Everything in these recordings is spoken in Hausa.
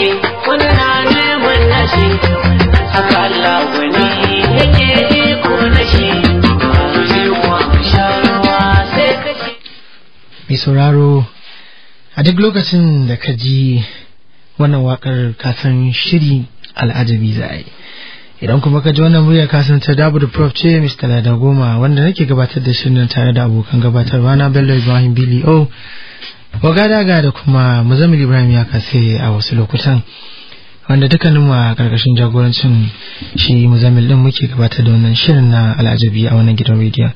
neman nashi mai sauraro a duk lokacin da ka ji wannan wakar kasan shiri al'ajabi za a yi idan kuma ka ji wannan murya kasan ta dabu da prof ce mr lada goma wanda nake gabatar da shirin tare da abokan gabatarwa na bello ibrahim billy e o wagadaga da kuma muzamil ibrahim ya kase a wasu lokutan wanda dukkanin mu a karkashin jagorancin shi muzamil din muke gabata da wannan shirin na al'ajabi a wannan gidan rediyo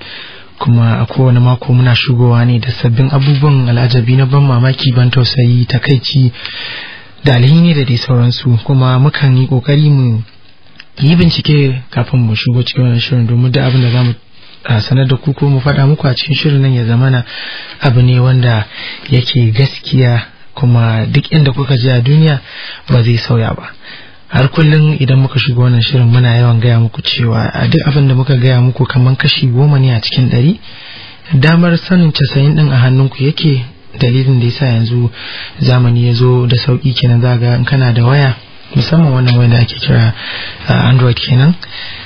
kuma a kowane mako muna shigowa ne da sabbin abubuwan al'ajabi na ban mamaki ban tausayi takaici da alhini da dai sauransu kuma mukan yi kokari mu yi bincike kafin mu shigo cikin wannan shirin domin da abin da za mu. sanar da ku ko mu faɗa muku a cikin shirin nan ya zamana abu ne wanda yake gaskiya kuma duk inda kuka ji a duniya ba zai sauya ba har kullum idan muka shiga wannan shirin muna yawan gaya muku cewa a duk abin da muka gaya muku kamar kashi goma ne a cikin ɗari damar sanin casa'in ɗin a hannunku yake dalilin da yasa yanzu zamani ya zo da sauƙi kenan za ga in kana da waya musamman wannan wanda ake kira uh, android kenan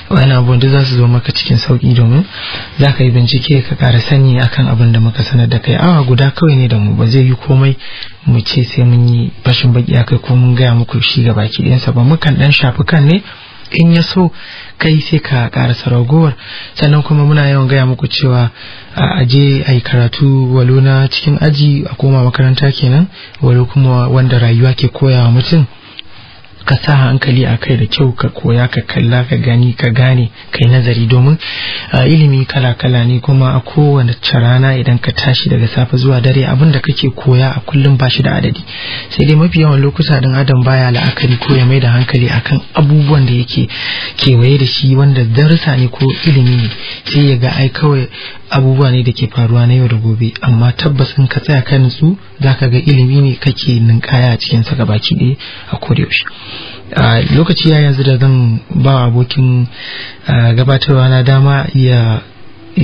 wani abu zasu za su zo maka cikin sauki domin za ka yi bincike ka kara sani akan abin da muka sanar da kai awa guda kawai ne da mu ba zai yi komai mu ce sai mun yi bashin baki a kai ko mun gaya muku shi ga baki ɗansa ba mukan ɗan shafi kan ne in ya so kai sai ka kara saragowar sannan kuma muna yawan gaya muku cewa a aje a yi karatu walo na cikin aji a koma makaranta kenan walo kuma wanda rayuwa ke koya wa mutum ka sa hankali a kai da kyau ka koya ka kalla ka gani ka gane kai nazari domin ilimi kala-kala ne kuma a kowane carana idan ka tashi daga safe zuwa dare abin da kake koya a kullum ba shi da adadi sai dai mafi yawan lokuta dan adam baya la'akari ko ya mai da hankali akan abubuwan da yake kewaye da shi wanda darussa ne ko ilimi ne sai ya ga ai kawai abubuwa ne da ke faruwa na yau da gobe amma tabbas in ka tsaya kan su za ka ga ilimi ne kake ninkaya a cikin sa gabaki ɗaya a kodayaushe lokaci ya yanzu da zan ba abokin gabatarwa na dama ya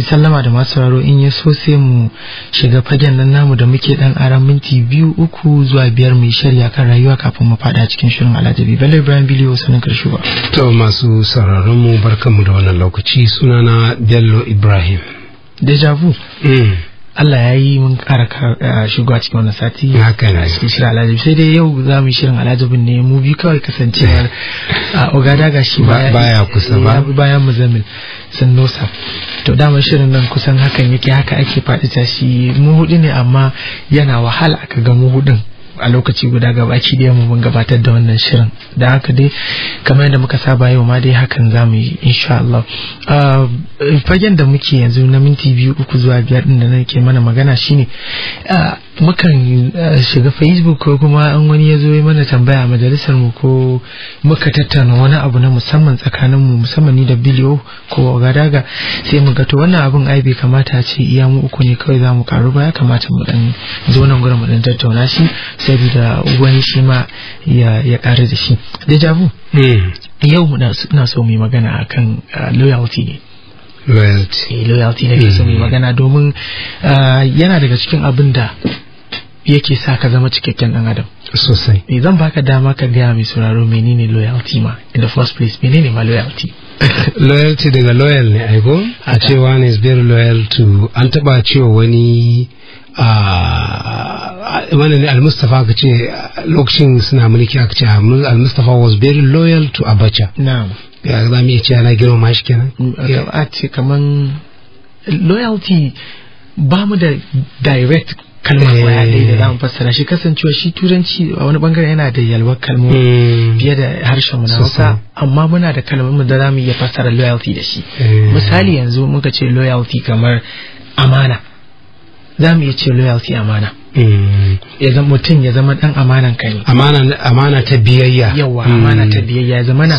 sallama da masu sauraro in ya so sai mu shiga fagen nan namu da muke dan aran minti biyu uku zuwa biyar mai shirya kan rayuwa kafin mu fada cikin shirin alajabi bello ibrahim biliyo sanin karshe ba to masu sauraron mu barkanmu da wannan lokaci sunana bello ibrahim deja vu eh. Allah ya yi mun ƙara eh, shigo a cikin wannan sati haka na cikin shirin alhaji sai dai yau za mu yi shirin alajabin ne mu biyu kawai kasancewar ah, ogada ga shi baya kusa ba mu zamin sun nosa to damar shirin nan kusan hakan yake haka ake faɗi shi mu hudu ne amma yana wahala aka ga mu hudun a lokaci guda gabaki da mu mun gabatar da wannan shirin da haka dai kamar yadda muka saba yau ma dai hakan za mu yi insha Allah ah, fagen da muke yanzu na minti biyu uku zuwa biyar din da nake mana magana shine ah, mukan eh, shiga facebook ko kuma an wani ya zo yi mana tambaya a majalisar mu ko muka tattauna wani abu na musamman tsakanin mu musamman ni da bilio ko gadaga sai mu ga wannan abun ai kamata a ce iya mu uku ne kawai za mu karu ba ya kamata mu dan zo nan gurin mu dan tattauna shi saboda wani shi ma ya ya karu da shi jabu eh yau na so mu yi magana akan eh, loyalty ne loyalty loyalty ne ke mai magana domin yana daga cikin abin da yake sa ka zama cikakken dan adam sosai ne zan baka dama ka gaya mai sauraro menene loyalty ma in the first place menene ma loyalty loyalty daga loyal ne aiko a cewa ne is very loyal to an taba cewa wani wani uh, ne al-mustafa ka ce lokacin suna mulki aka ce al-mustafa was very loyal to abacha ya za mu iya cewa na girmama shi kenan mm, eh. a ce kaman loyalty ba mu da direct kalmar waya eh. da za mu fassara shi kasancewa shi turanci a wani bangare yana da yalwar kalmomi mm. fiye da harshen mu na Hausa amma muna da kalmar mu da za mu iya fassara loyalty da shi eh. misali yanzu muka ce loyalty kamar amana za mu iya ce loyalty amana Mm. ya zama mutum ya zama dan amanan ka ne amana ta biyayya yawa amana ta biyayya mm. zama na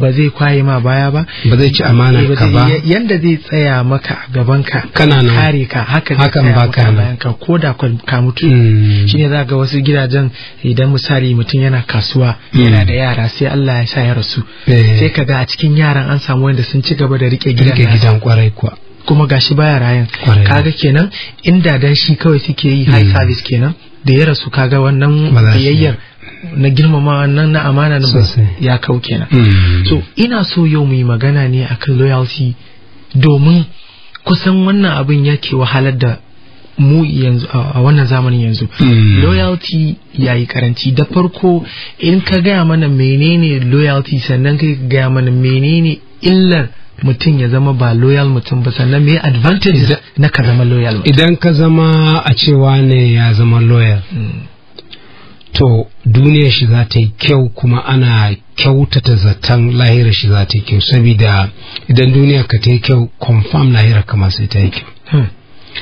ba zai kwaye ma baya ba ba zai ci amana ka ba yanda zai tsaya maka a gaban ka kana nan kare ka haka zai tsaya maka bayan ka ko da ka mutu mm. shine za ga wasu gidajen idan misali mutum yana kasuwa yana da yara sai Allah ya sa ya rasu eh. sai ka ga a cikin yaran an samu wanda sun ci gaba da rike gidan kwarai kuwa kuma gashi baya rayan kaga kenan inda dan shi kawai suke yi high hmm. service kenan da ya rasu kaga wannan biyayyar na girmama wannan na amana na ya kau kenan hmm. so ina so yau mu yi magana ne akan loyalty domin kusan wannan abin yake wahalar da mu yanzu a wannan zamanin yanzu hmm. loyalty yayi karanci da farko in ka gaya mana menene loyalty sannan ka gaya mana menene illar mutum ya zama ba loyal mutum ba sannan me advantage na ka zama loyal idan ka zama a cewa ne ya zama loyal hmm. to duniyar shi za ta yi kyau kuma ana kyautata zaton lahirar shi za ta yi kyau saboda idan duniya ka ta yi kyau confirm lahira kamar sai ta yi kyau hmm.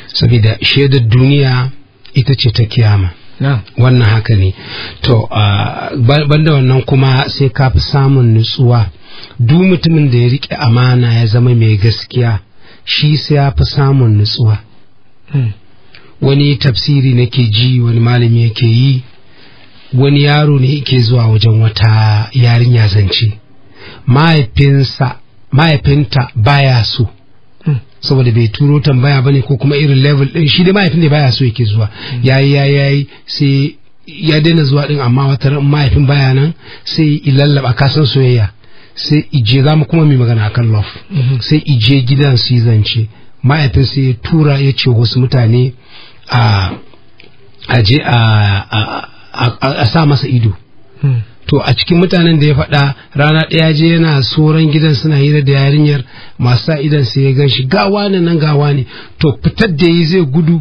saboda shaidar duniya ita ce ta kiyama wannan haka ne to banda wannan kuma sai ka fi samun nutsuwa duk mutumin da ya riƙe amana ya zama mai gaskiya shi sai ya fi samun nutsuwa hmm. wani tafsiri nake ji wani malami yake yi wani yaro ne yake zuwa wajen wata yarinya zance mahaifinsa mahaifinta baya so saboda bai turo tambaya bane ko kuma irin level din shi dai mahaifin ne baya so yake zuwa hmm. yayi yayi yayi sai ya daina zuwa din amma wata ran mahaifin baya nan sai ilallaba kasan soyayya sai ije za mu kuma mai magana akan love hmm. sai ije gidan su zance mahaifin sai ya tura ya ce wasu mutane a aje a sa masa ido hmm. to a cikin mutanen da ya faɗa rana ɗaya je yana soran gidan suna hira da yarinyar masu sa idan sai ya gan shi gawa ne nan gawa ne to fitar da yi zai gudu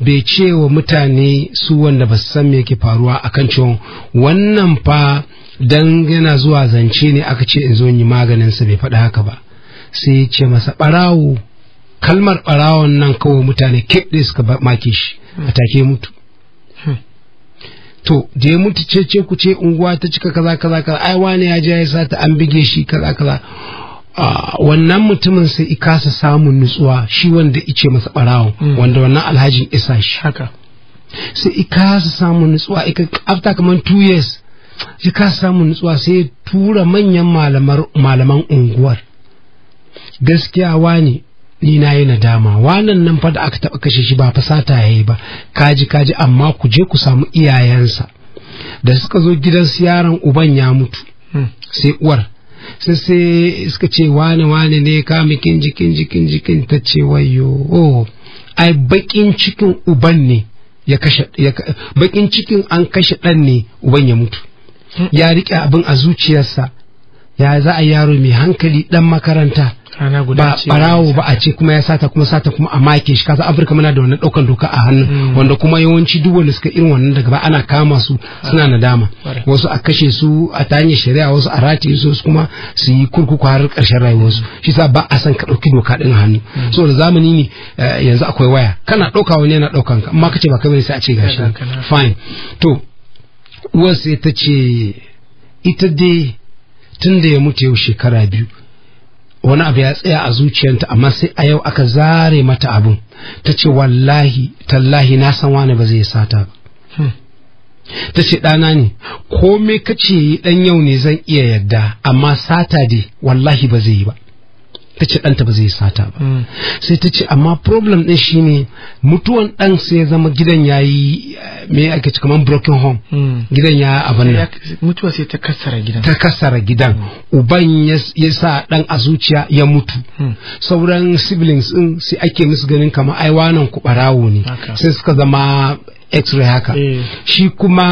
bai ce wa mutane su wanda ba su san me yake faruwa a kan cewa wannan fa dan yana zuwa zance ne aka ce in zo yi maganin sa bai faɗa haka ba sai ya ce masa ɓarawo kalmar ɓarawon nan kawai mutane kiɗe suka make shi a take mutu hmm. to da ya mutu cece ku ce unguwa ta cika kaza kaza kaza ai wani ya je ya sata an bige shi kaza kaza wannan mutumin sai i kasa samun nutsuwa shi wanda ice masa barawon hmm. wanda wannan Alhaji isa shi haka sai i kasa samun nutsuwa ika after kaman two years shi kasa samun nutsuwa sai tura manyan malaman unguwar gaskiya wani ni na yi nadama wannan nan fa da aka taɓa kashe shi ba fasata ya yi ba kaji kaji amma ku je ku samu iyayensa da suka zo gidansu yaron uban ya mutu hmm. sai uwar sai sai suka ce wane wane ne ka mikin jikin jikin jikin ta ce wayo oh, ai bakin cikin uban ne ya kashe bakin cikin an kashe dan ne uban ya mutu hmm. ya rike abin a zuciyarsa ya za a yaro mai hankali dan makaranta ba barawo ba a ce kuma ya sata kuma sata kuma a make shi kasa afirka muna da wannan daukan doka a hannu hmm. wanda kuma yawanci duk wanda suka irin wannan daga ba ana kama su suna ah. nadama wasu a kashe su a tanye shari'a wasu a rati su kuma su yi kurkuku har karshen rayuwarsu hmm. shi sa ba a san ka dauki doka din hannu hmm. so da zamani ne eh, yanzu akwai waya kana dauka wani yana daukan ka amma kace ba kai bane sai a ce gashi fine to uwar sai ta ce ita dai tun da ya mutu yau shekara biyu wani abu ya tsaya a zuciyarta amma sai a yau aka zare mata abun ta ce wallahi tallahi na san wani ba zai sata ba hmm. ta ce ɗana ne ka kace dan yau ne zan iya yadda amma sata dai wallahi ba zai yi ba ta ce ɗanta ba zai sata ba hmm. sai ta ce amma problem ɗin ne mutuwan ɗan sai ya zama gidan ya yi me ake ci kamar broken home hmm. gidan ya abin nan mutuwa sai ta kasara gidan ta kasara gidan hmm. uban ya sa ɗan a ya mutu sauran siblings ɗin sai ake musu ganin kamar ai wannan ku barawo ne sai suka zama x-ray haka eh. shi kuma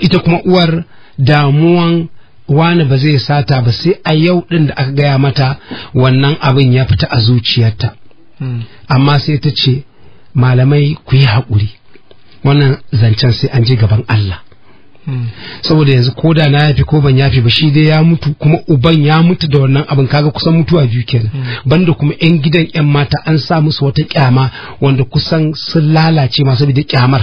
ita kuma uwar damuwan wani ba zai sata ba sai a yau ɗin da aka gaya mata wannan abin ya fita a zuciyarta hmm. amma sai ta ce malamai ku yi haƙuri wannan zancen sai an je gaban Allah hmm. saboda yanzu ko da na yafi ko ban yafi ba shi dai ya mutu kuma uban ya mutu da wannan abin kaga kusan mutuwa biyu kenan hmm. banda kuma yan gidan yan mata an sa musu wata kyama wanda kusan sun lalace masu da kyamar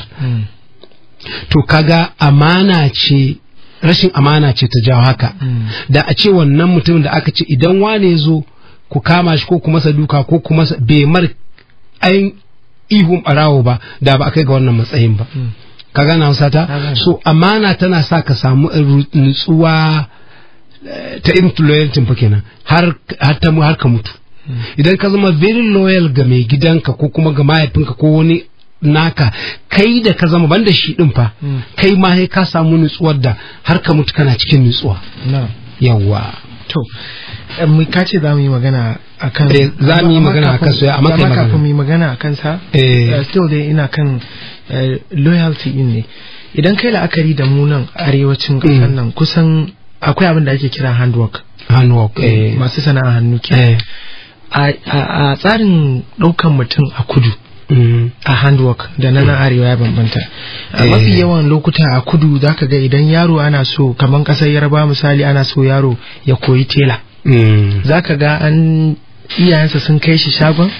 to kaga amana ce rashin amana ce ta jawo haka hmm. da a ce wannan mutumin da aka ce idan wane ya zo ku kama shi ko ku masa duka ko ku masa bai mar ayin ihun barawo ba da ba a kai ga wannan matsayin ba hmm. ka gana hausa ta so amana tana sa ka samu eh, nutsuwa eh, ta influentin fa kenan har har ka mutu hmm. idan ka zama very loyal ga mai gidanka ko kuma ga mahaifinka ko wani naka kai da ka zama banda shi din fa hmm. kai ma sai ka samu nutsuwar da har ka mutu kana cikin nutsuwa yawwa to eh, mu ka ce za mu yi magana akan eh, za mu yi magana akan soyayya amma kai magana kuma mu yi magana akan sa eh. still dai ina kan loyalty din ne idan kai la'akari da mu nan arewacin kasar hmm. nan kusan akwai abin da ake kira handwork handwork masu sana'a hannu ke a tsarin daukan mutum a kudu a handwork da na nan eh. arewa ya bambanta a eh. mafi yawan lokuta a kudu zaka ga idan yaro ana so kamar kasar yarba misali ana so yaro ya koyi tela mm. zaka ga an iyayensa sun kai shi shagon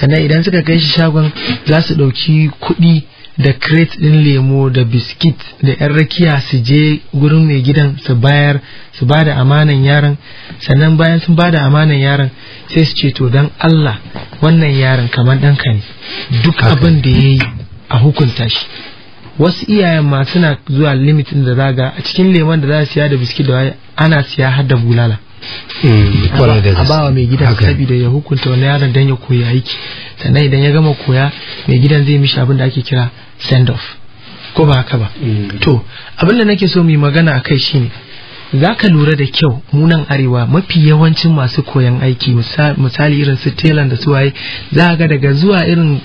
sannan idan suka kai shi shagon za su ɗauki kuɗi da crate din lemo da biskit da yan rakiya su je gurin mai gidan su bayar su bada amanan yaron sannan bayan sun bada amanan yaron sai su ce to dan Allah wannan yaron kamar ɗanka ne duk abin da ya yi a hukunta shi wasu iyayen ma suna zuwa limitin da ga a cikin lemon da za su siya da biskit da ana siya har da bulala hmm, a bawa mai gidan saboda ya hukunta wani yaron dan ya koya aiki sannan idan ya gama koya mai gidan zai mishi abin da ake kira send off ko ba haka ba mm. to abin da nake so mu magana a kai shine zaka lura da kyau munan arewa mafi yawancin masu koyan aiki misali irin su telan da su waye za ga daga zuwa irin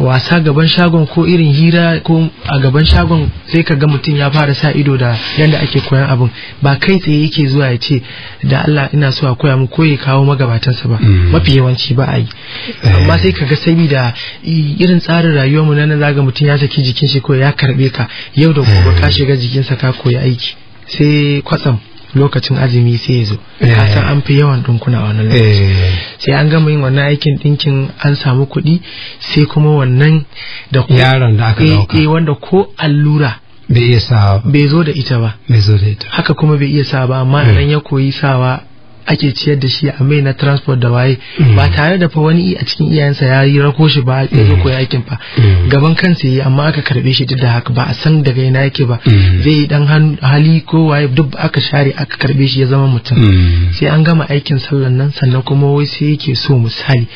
wasa gaban shagon ko irin hira ko a gaban shagon sai ka ga mutum ya fara sa ido da yadda ake koyan abin ba kai tsaye yake zuwa ya ce da Allah ina so a koya mu ko ya kawo magabatansa ba mm. mafi yawanci ba a yi amma eh. sai ka ga saboda irin tsarin mu na nan zaga mutum ya saki jikin shi ko ya karbe ka yau da gobe eh. ka shiga jikinsa ka koyi aiki sai kwatsam lokacin azumi sai ya zo ka san eh. an fi yawan dinkuna a wannan lokaci eh. sai an gama yin wannan aikin dinkin an samu kuɗi sai kuma wannan da yaron da aka dauka eh, wanda ko allura bai iya sawa bai zo da ita ba bai zo da ita haka kuma bai iya sa ba amma nan ya koyi sawa ake ciyar da shi a mai na transport da waye mm. ba tare da fa wani a cikin iyayensa ya yi rako shi ba ya zo mm. koyi aikin fa mm. gaban kansa yi amma aka karbe shi duk da haka ba a san daga ina yake ba zai yi dan hali ko waye duk aka share aka karbe shi ya zama mutum sai an gama aikin sallan nan sannan kuma wai sai yake so misali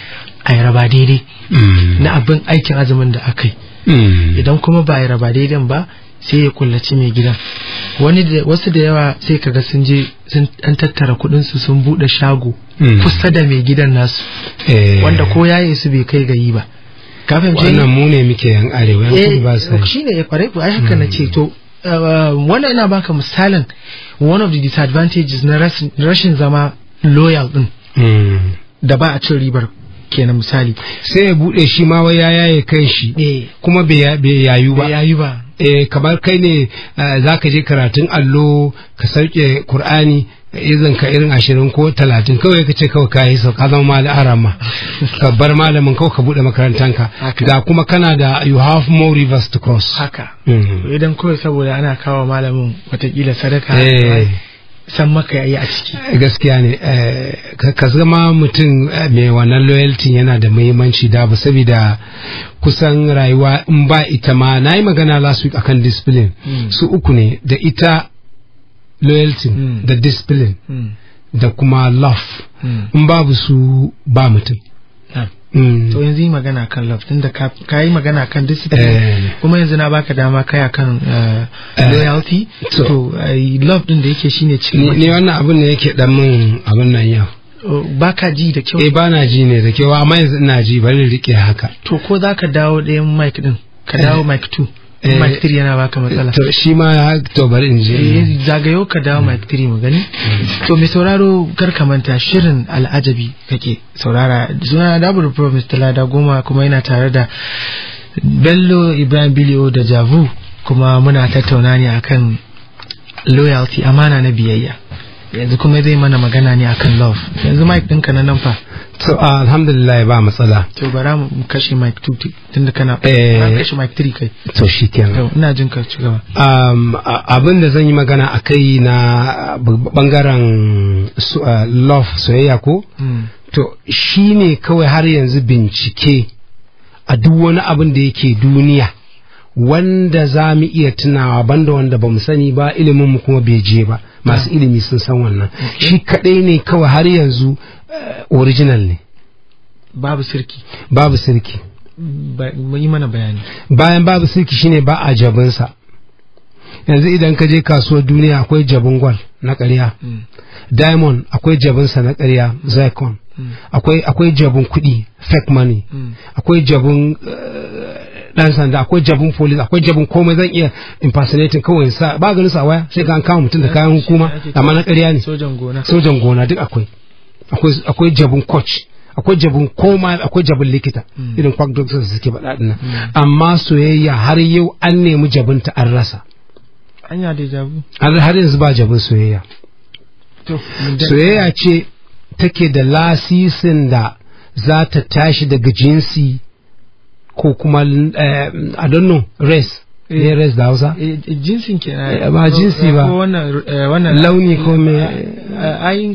a yi raba daidai na abin aikin azumin da aka yi idan kuma ba a yi raba daidai ba sai ya kullaci mai gidan wani da wasu da yawa sai kaga sun je sun an tattara kudin su sun bude shago hmm. kusa da mai gidan nasu eh. wanda ko yaye su bai kai gayi ba ka fahimce wannan mu ne muke yan arewa yan ba su eh, shine ya eh, kware ai haka na ce hmm. to wannan ina baka misalin one of the disadvantages na rashin zama loyal din hmm. da ba a cin ribar kenan misali sai ya bude shi ma wai ya yaye kan shi kuma bai yayu ba eh kamar kai ne eh, za ka je karatun allo ka sauke Kur'ani izin ka irin ashirin ko talatin kawai kace ce kawai ka yi sauka zama malin arama ka bar malamin kawai ka buɗe makarantanka ga kuma kana da you have more rivers to cross haka mm. idan kawai saboda ana kawo malamin watakila sadaka eh. san maka yayi a ciki eh, gaskiya ne eh, ka zama mutum eh, mai wannan loyalty yana da muhimmanci da ba saboda kusan rayuwa in ba ita ma na yi magana last week akan discipline hmm. su uku ne da ita loyalty hmm. da discipline hmm. da kuma love in babu su ba mutum Mm. to yanzu yi magana kan love tunda ka yi magana kan discipline eh. kuma yanzu na baka dama kai akan eh, eh. loyalty to love din da yake shine cikin ne wannan abin ne yake dan min abin nan yau ba ka ji da kyau eh ba na ji ne da kyau amma yanzu ina ji bari rike haka to ko za ka dawo ɗayan mic din ka dawo mic 2 Eh, Mike 3 yana baka matsala. To shi ma to bari in je. Eh, zagayo ka dawo Mike 3 mu gani. To mai sauraro kar ka manta shirin al'ajabi kake saurara. Suna da Double Promise Talada goma kuma yana tare da Bello Ibrahim Bilio da Javu kuma muna tattauna ne akan loyalty amana na biyayya. Yanzu kuma zai mana magana ne akan love. Yanzu Mike ɗinka na nan fa. to ah, alhamdulillah ba matsala to bara mu kashe mic 2 tunda eh. kana kashe mic 3 kai to shi kenan. ina jin ka ci gaba um abin da zan yi magana akai na bangaren ah, love soyayya ko hmm. to shine kawai har yanzu bincike a duk wani abin da yake duniya wanda za mu iya tunawa banda wanda ba mu sani ba ilimin mu kuma bai je ba masu hmm. ilimi sun san wannan shi kadai ne kawai har yanzu original ne babu sirki babu sirki yi mana bayani bayan babu sirki shine ba a jabinsa yanzu idan ka je kasuwar duniya akwai jabin gwal na ƙarya mm. diamond akwai jabinsa na ƙarya mm. zircon mm. akwai akwai jabin kuɗi fake money akwai jabin dan eh, sanda akwai jabin police akwai jabin komai zan iya impersonating kawai sa ba ganin sa waya sai ka an kawo mutum da kayan hukuma amma na ƙarya ne sojan gona sojan gona duk akwai akwai jabin coach akwai jabin koma akwai jabin likita hmm. irin kwak doctors suke faɗa dinnan hmm. amma soyayya har yau an nemi jabinta an rasa anya da jabu har yanzu ba jabin soyayya soyayya ce take da lasisin da za ta tashi daga jinsi ko kuma uh, I don't know race Eh, res da Hausa? Eh, jinsin ke eh, ba jinsi ba. Wannan launi ko me ayin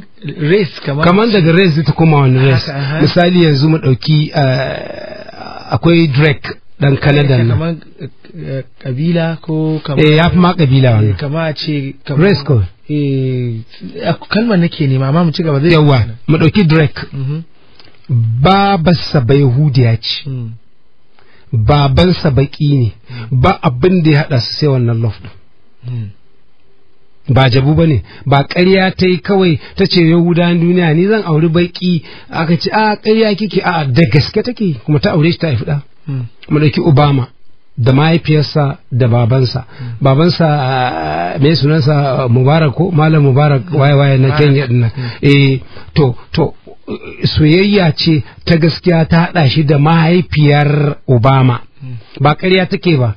race kamar. Kamar daga race ta koma wani race. Misali yanzu mu akwai Drake dan Canada nan. Kamar kabila ko kamar. Eh ya fi ma kabila wani Kamar a ce. Race ko. Eh kalmar nake nema amma mu ci gaba zai. Yawwa mu dauki Drake. Mm-hmm. ba sabai hudiya ce. Mm. babansa baki ne ba abin da ya haɗa su sai wannan love ba jabu ba ne ba ƙarya ta yi kawai ta ce gudanar duniya ni zan auri baki aka ce a ƙarya kike a da gaske take kuma ta aure shi ta haifi ɗa hmm. mu ɗauki obama da mahaifiyarsa da babansa hmm. babansa eh, mai sunansa mubarak ko malam mubarak hmm. waye waye na kenya dinnan eh to to soyayya ce ta gaskiya ta haɗa shi da mahaifiyar obama hmm. ba ƙarya take ba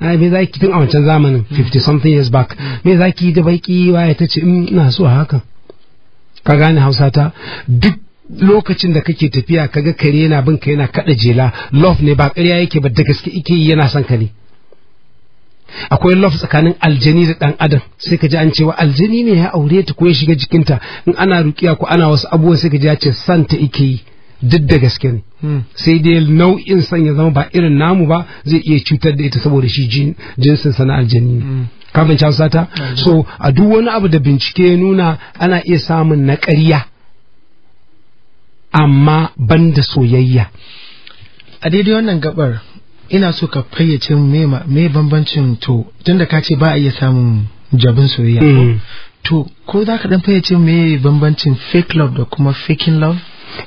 me za tun a wancan zamanin 50 hmm. something years back hmm. me za da baki waye ta mm, ina so hakan ka gane hausa ta duk lokacin da kake tafiya kaga kare yana bin ka yana kada jela love ne ba ƙarya yake ba da gaske yake yana son ka ne akwai love tsakanin aljani da dan adam sai ka an cewa aljani ne ya aure ta ko ya shiga jikinta in ana rukiya ko ana wasu abubuwan sai ka ji ya ce santa ike yi duk da gaske ne hmm. sai dai nau'in san ya zama ba irin namu ba zai iya cutar da ita saboda shi jinsin sana aljani ne kafin can sata so a duk wani abu da bincike ya nuna ana iya samun na ƙarya amma banda soyayya a daidai wannan gabar ina so ka fayyace me bambancin to tunda ka ce ba a iya samun jabin soyayya mm. to ko za ka dan fayyace me bambancin fake love da kuma faking love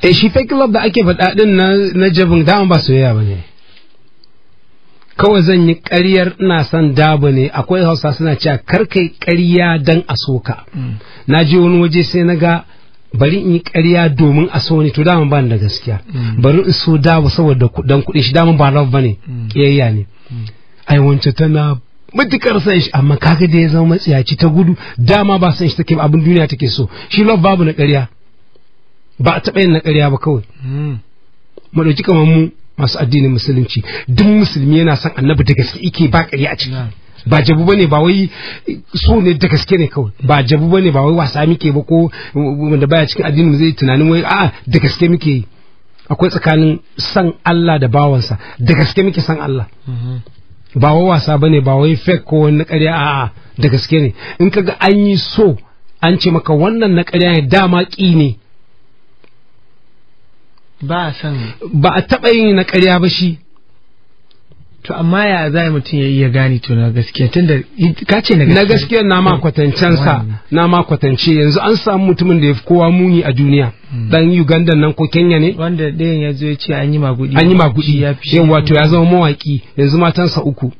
eh shi fake love da ake faɗa din na na jabin dama ba soyayya bane kawai zan yi ƙaryar ina son daba ne akwai hausa suna cewa kar kai ƙarya dan a soka mm. na je wani waje sai na ga bari in yi ƙarya domin a so ne to dama ba da gaskiya mm. bari in so dawo saboda dan kuɗi shi dama ba love bane mm. ƙiyayya ne mm. ai wance tana matukar san shi amma kaga da ya zama matsiyaci ta gudu dama ba san shi take abin duniya take so shi love babu na ƙarya ba a taɓa yin na ƙarya ba kawai mu ɗauki kamar mu masu addinin musulunci duk musulmi yana son annabi da gaske yake ba ƙarya a ciki ba jabu bane ba wai so ne da gaske ne kawai ba jabu bane ba wai wasa muke ba ko wanda baya cikin addinin zai tunanin wai a'a da gaske muke yi akwai tsakanin san Allah da bawansa da gaske muke san Allah mm-hmm. ba wai wasa bane ba wai fake ko wani ƙarya a'a da gaske ne in kaga an yi so an ce maka wannan na ƙarya ne dama ƙi ne ba a san ba a taɓa yin na ƙarya ba shi to amma ya za a mutum ya iya gani to na gaskiya ka ce na gaskiya na ma kwatancen sa na ma kwatance yanzu an samu mutumin da ya fi kowa muni a duniya hmm. dan Uganda nan ko Kenya ne wanda ɗayan ya zo ya ce an yi magudi an yi magudi yin wato ya zama mawaki yanzu matansa uku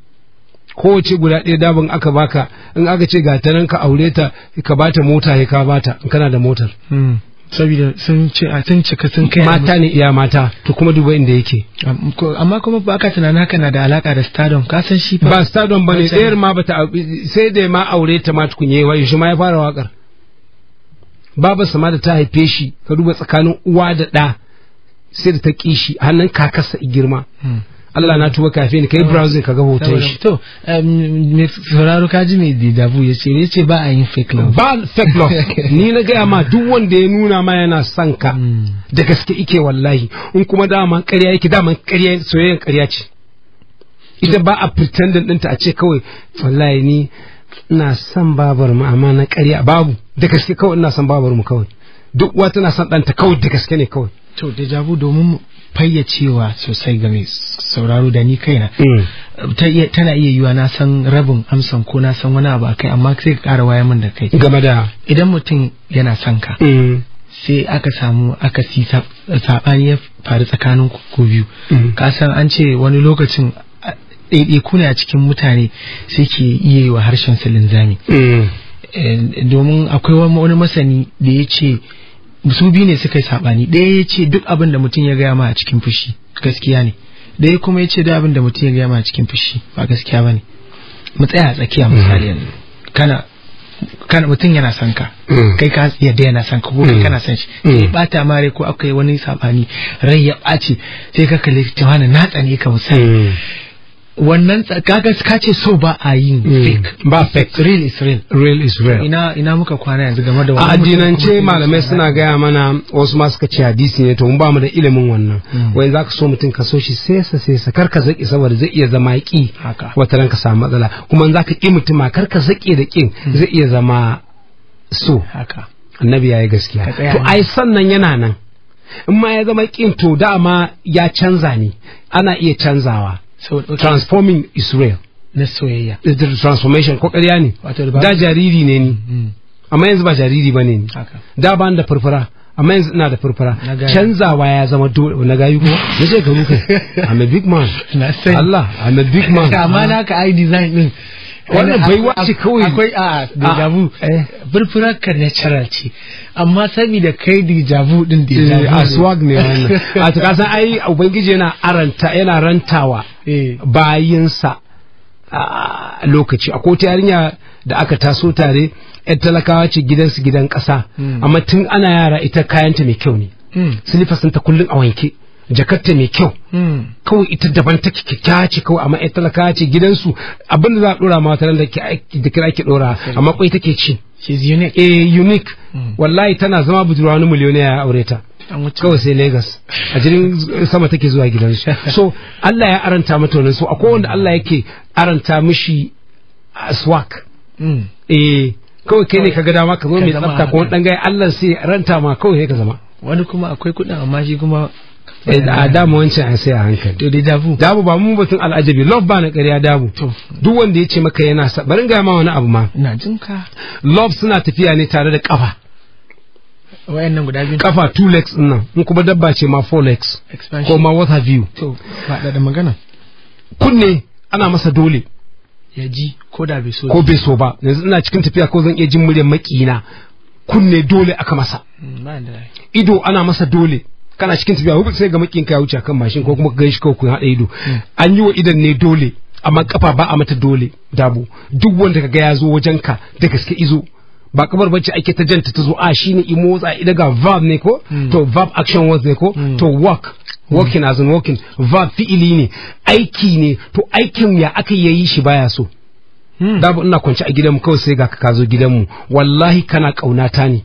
kowace guda ɗaya daban aka baka in aka ce ga ta ka aure ta ka bata mota ya ka bata in kana da motar hmm. saboda sun ce a sun cika sun kai mata ne iya mata to kuma duba inda yake amma kuma ba ka tunanin haka na da alaka da stadium ka san shi ba stadium bane tsayar ma bata sai dai ma aure ta ma tukunye wai shi ma ya fara wakar babarsa ma da ta haife shi ka duba tsakanin uwa da ɗa sai da ta kishi hannun kakarsa girma hmm. Allah na tuba kafin kai browsing ka ga hoton shi to eh, me sauraro ka ji me didabu ya ce yace ba a yin fake love ba fake love ni na gaya ma duk wanda ya nuna ma yana son ka hmm. da gaske ike wallahi in kuma dama ƙarya yake dama ƙarya soyayyen ƙarya ce ita ba a pretending ɗinta a ce kawai wallahi ni ina son babar mu amma na ƙarya babu da gaske kawai ina son babar mu kawai duk wata na son ɗanta kawai da gaske ne kawai to da jabu domin fayyacewa sosai ga sauraro da ni kaina mm. tana iya yiwa na san rabin amsan ko na san wani abu kai amma sai ka ƙara waya min da kai game da idan mutum yana son ka mm. sai aka samu aka si saɓani ya faru tsakanin ku biyu mm. ka san an ce wani lokacin ɗaiɗaiku ne a cikin mutane sai ke iya yi wa harshen linzami eh, domin akwai wani masani da ya ce su biyu ne suka yi saɓani ɗaya ya ce duk abin da mutum ya gaya ma a cikin fushi gaskiya ne ɗaya kuma ya ce duk abin da mutum ya gaya ma a cikin fushi ba gaskiya ba ne mu tsaya a tsakiya mm. misali yanzu kana kana mutum yana son ka mm. kai ka yadda yana son ka ko kai mm. kana son shi sai bata ta mare ko akwai wani saɓani rai ya ɓaci sai ka kalli wani na tsane ka misali wannan kaga ka ce so ba a yin hmm. fake ba fake real is real real is real ina ina muka kwana yanzu game da wannan addinance malamai suna gaya mana wasu ma suka ce hadisi ne to mun ba mu da ilimin wannan hmm. wai zaka so mutum ka so shi sesa sesa kar ka zaki saboda zai iya zama ki wata ran ka samu matsala kuma zaka ki mutuma kar ka zaki da kin hmm. zai iya zama so haka annabi yayi gaskiya to ai sannan yana nan in ma ya zama kin to dama ya canza ne ana iya canzawa so transforming Israel na soyayya the transformation ko ƙarya ne da jariri ne ni mm, mm. amma yanzu ba jariri ba ne ni da ba da furfura amma yanzu ina da furfura canzawa ya zama dole na gayu kuma na ce ka ruka I'm a big man Allah I'm a big man amma ah. na ka ai design din wannan bai wace kawai akwai a dejavu ah, eh. furfurar ka natural ce amma da kai dejavu din dejavu eh, a swag ne wannan a ta kasan ai ubangiji yana aranta yana rantawa eh. bayinsa a lokaci a kota yarinya da aka taso tare yan talakawa ce gidansu gidan kasa hmm. amma tun ana yara ita kayanta mai kyau ne hmm. ta kullum a wanke jakarta mai kyau hmm. kawai ita daban ta kika ce kawai amma ita talaka ce gidansu abin da za a dora ma wata da kira ki dora amma kwai take She is unique eh unique hmm. wallahi tana zama budurwa wani miliyoniya ya aure ta kawai sai Legas a jirin sama take zuwa gidansu so Allah ya aranta mata wannan so akwai wanda Allah yake aranta mishi aswak hmm. eh kawai kai ne ka ga dama ka zo mai tsafta ko wani dan Allah sai ranta ma kawai sai ka zama wani kuma akwai kudin amma shi kuma Eh, a dama wancan a sai a hankali to dai dabu dabu ba mu batun al'ajabi love ba na ƙarya dabu duk wanda ya ce maka yana sa barin ga ma wani abu ma ina jin ka love suna tafiya ne tare da kafa wayannan guda biyu kafa two legs din nan in kuma dabba ce ma four legs ko ma what have you to da da magana kunne ana masa dole ya ji ko da bai so ko bai so ba yanzu ina cikin tafiya ko zan iya jin muryar makina kunne dole aka masa hmm, ido ana masa dole kana cikin tafiya ko sai ga makin ka wuce kan mashin ko kuma gan shi kawai kun haɗa ido hmm. an yi wa idan ne dole amma kafa ba a mata dole dabo duk wanda kaga ga ya zo wajen ka da gaske izo ba kamar bacci ake ta janta ta zo a ah, ne imotsa ga verb ne ko hmm. to verb action words ne ko hmm. to work working as in working verb fi'ili ne aiki ne to aikin ya aka yayi shi baya so Dabu ina kwance a gidanmu kawai sai ga ka zo gidanmu wallahi kana kaunata ne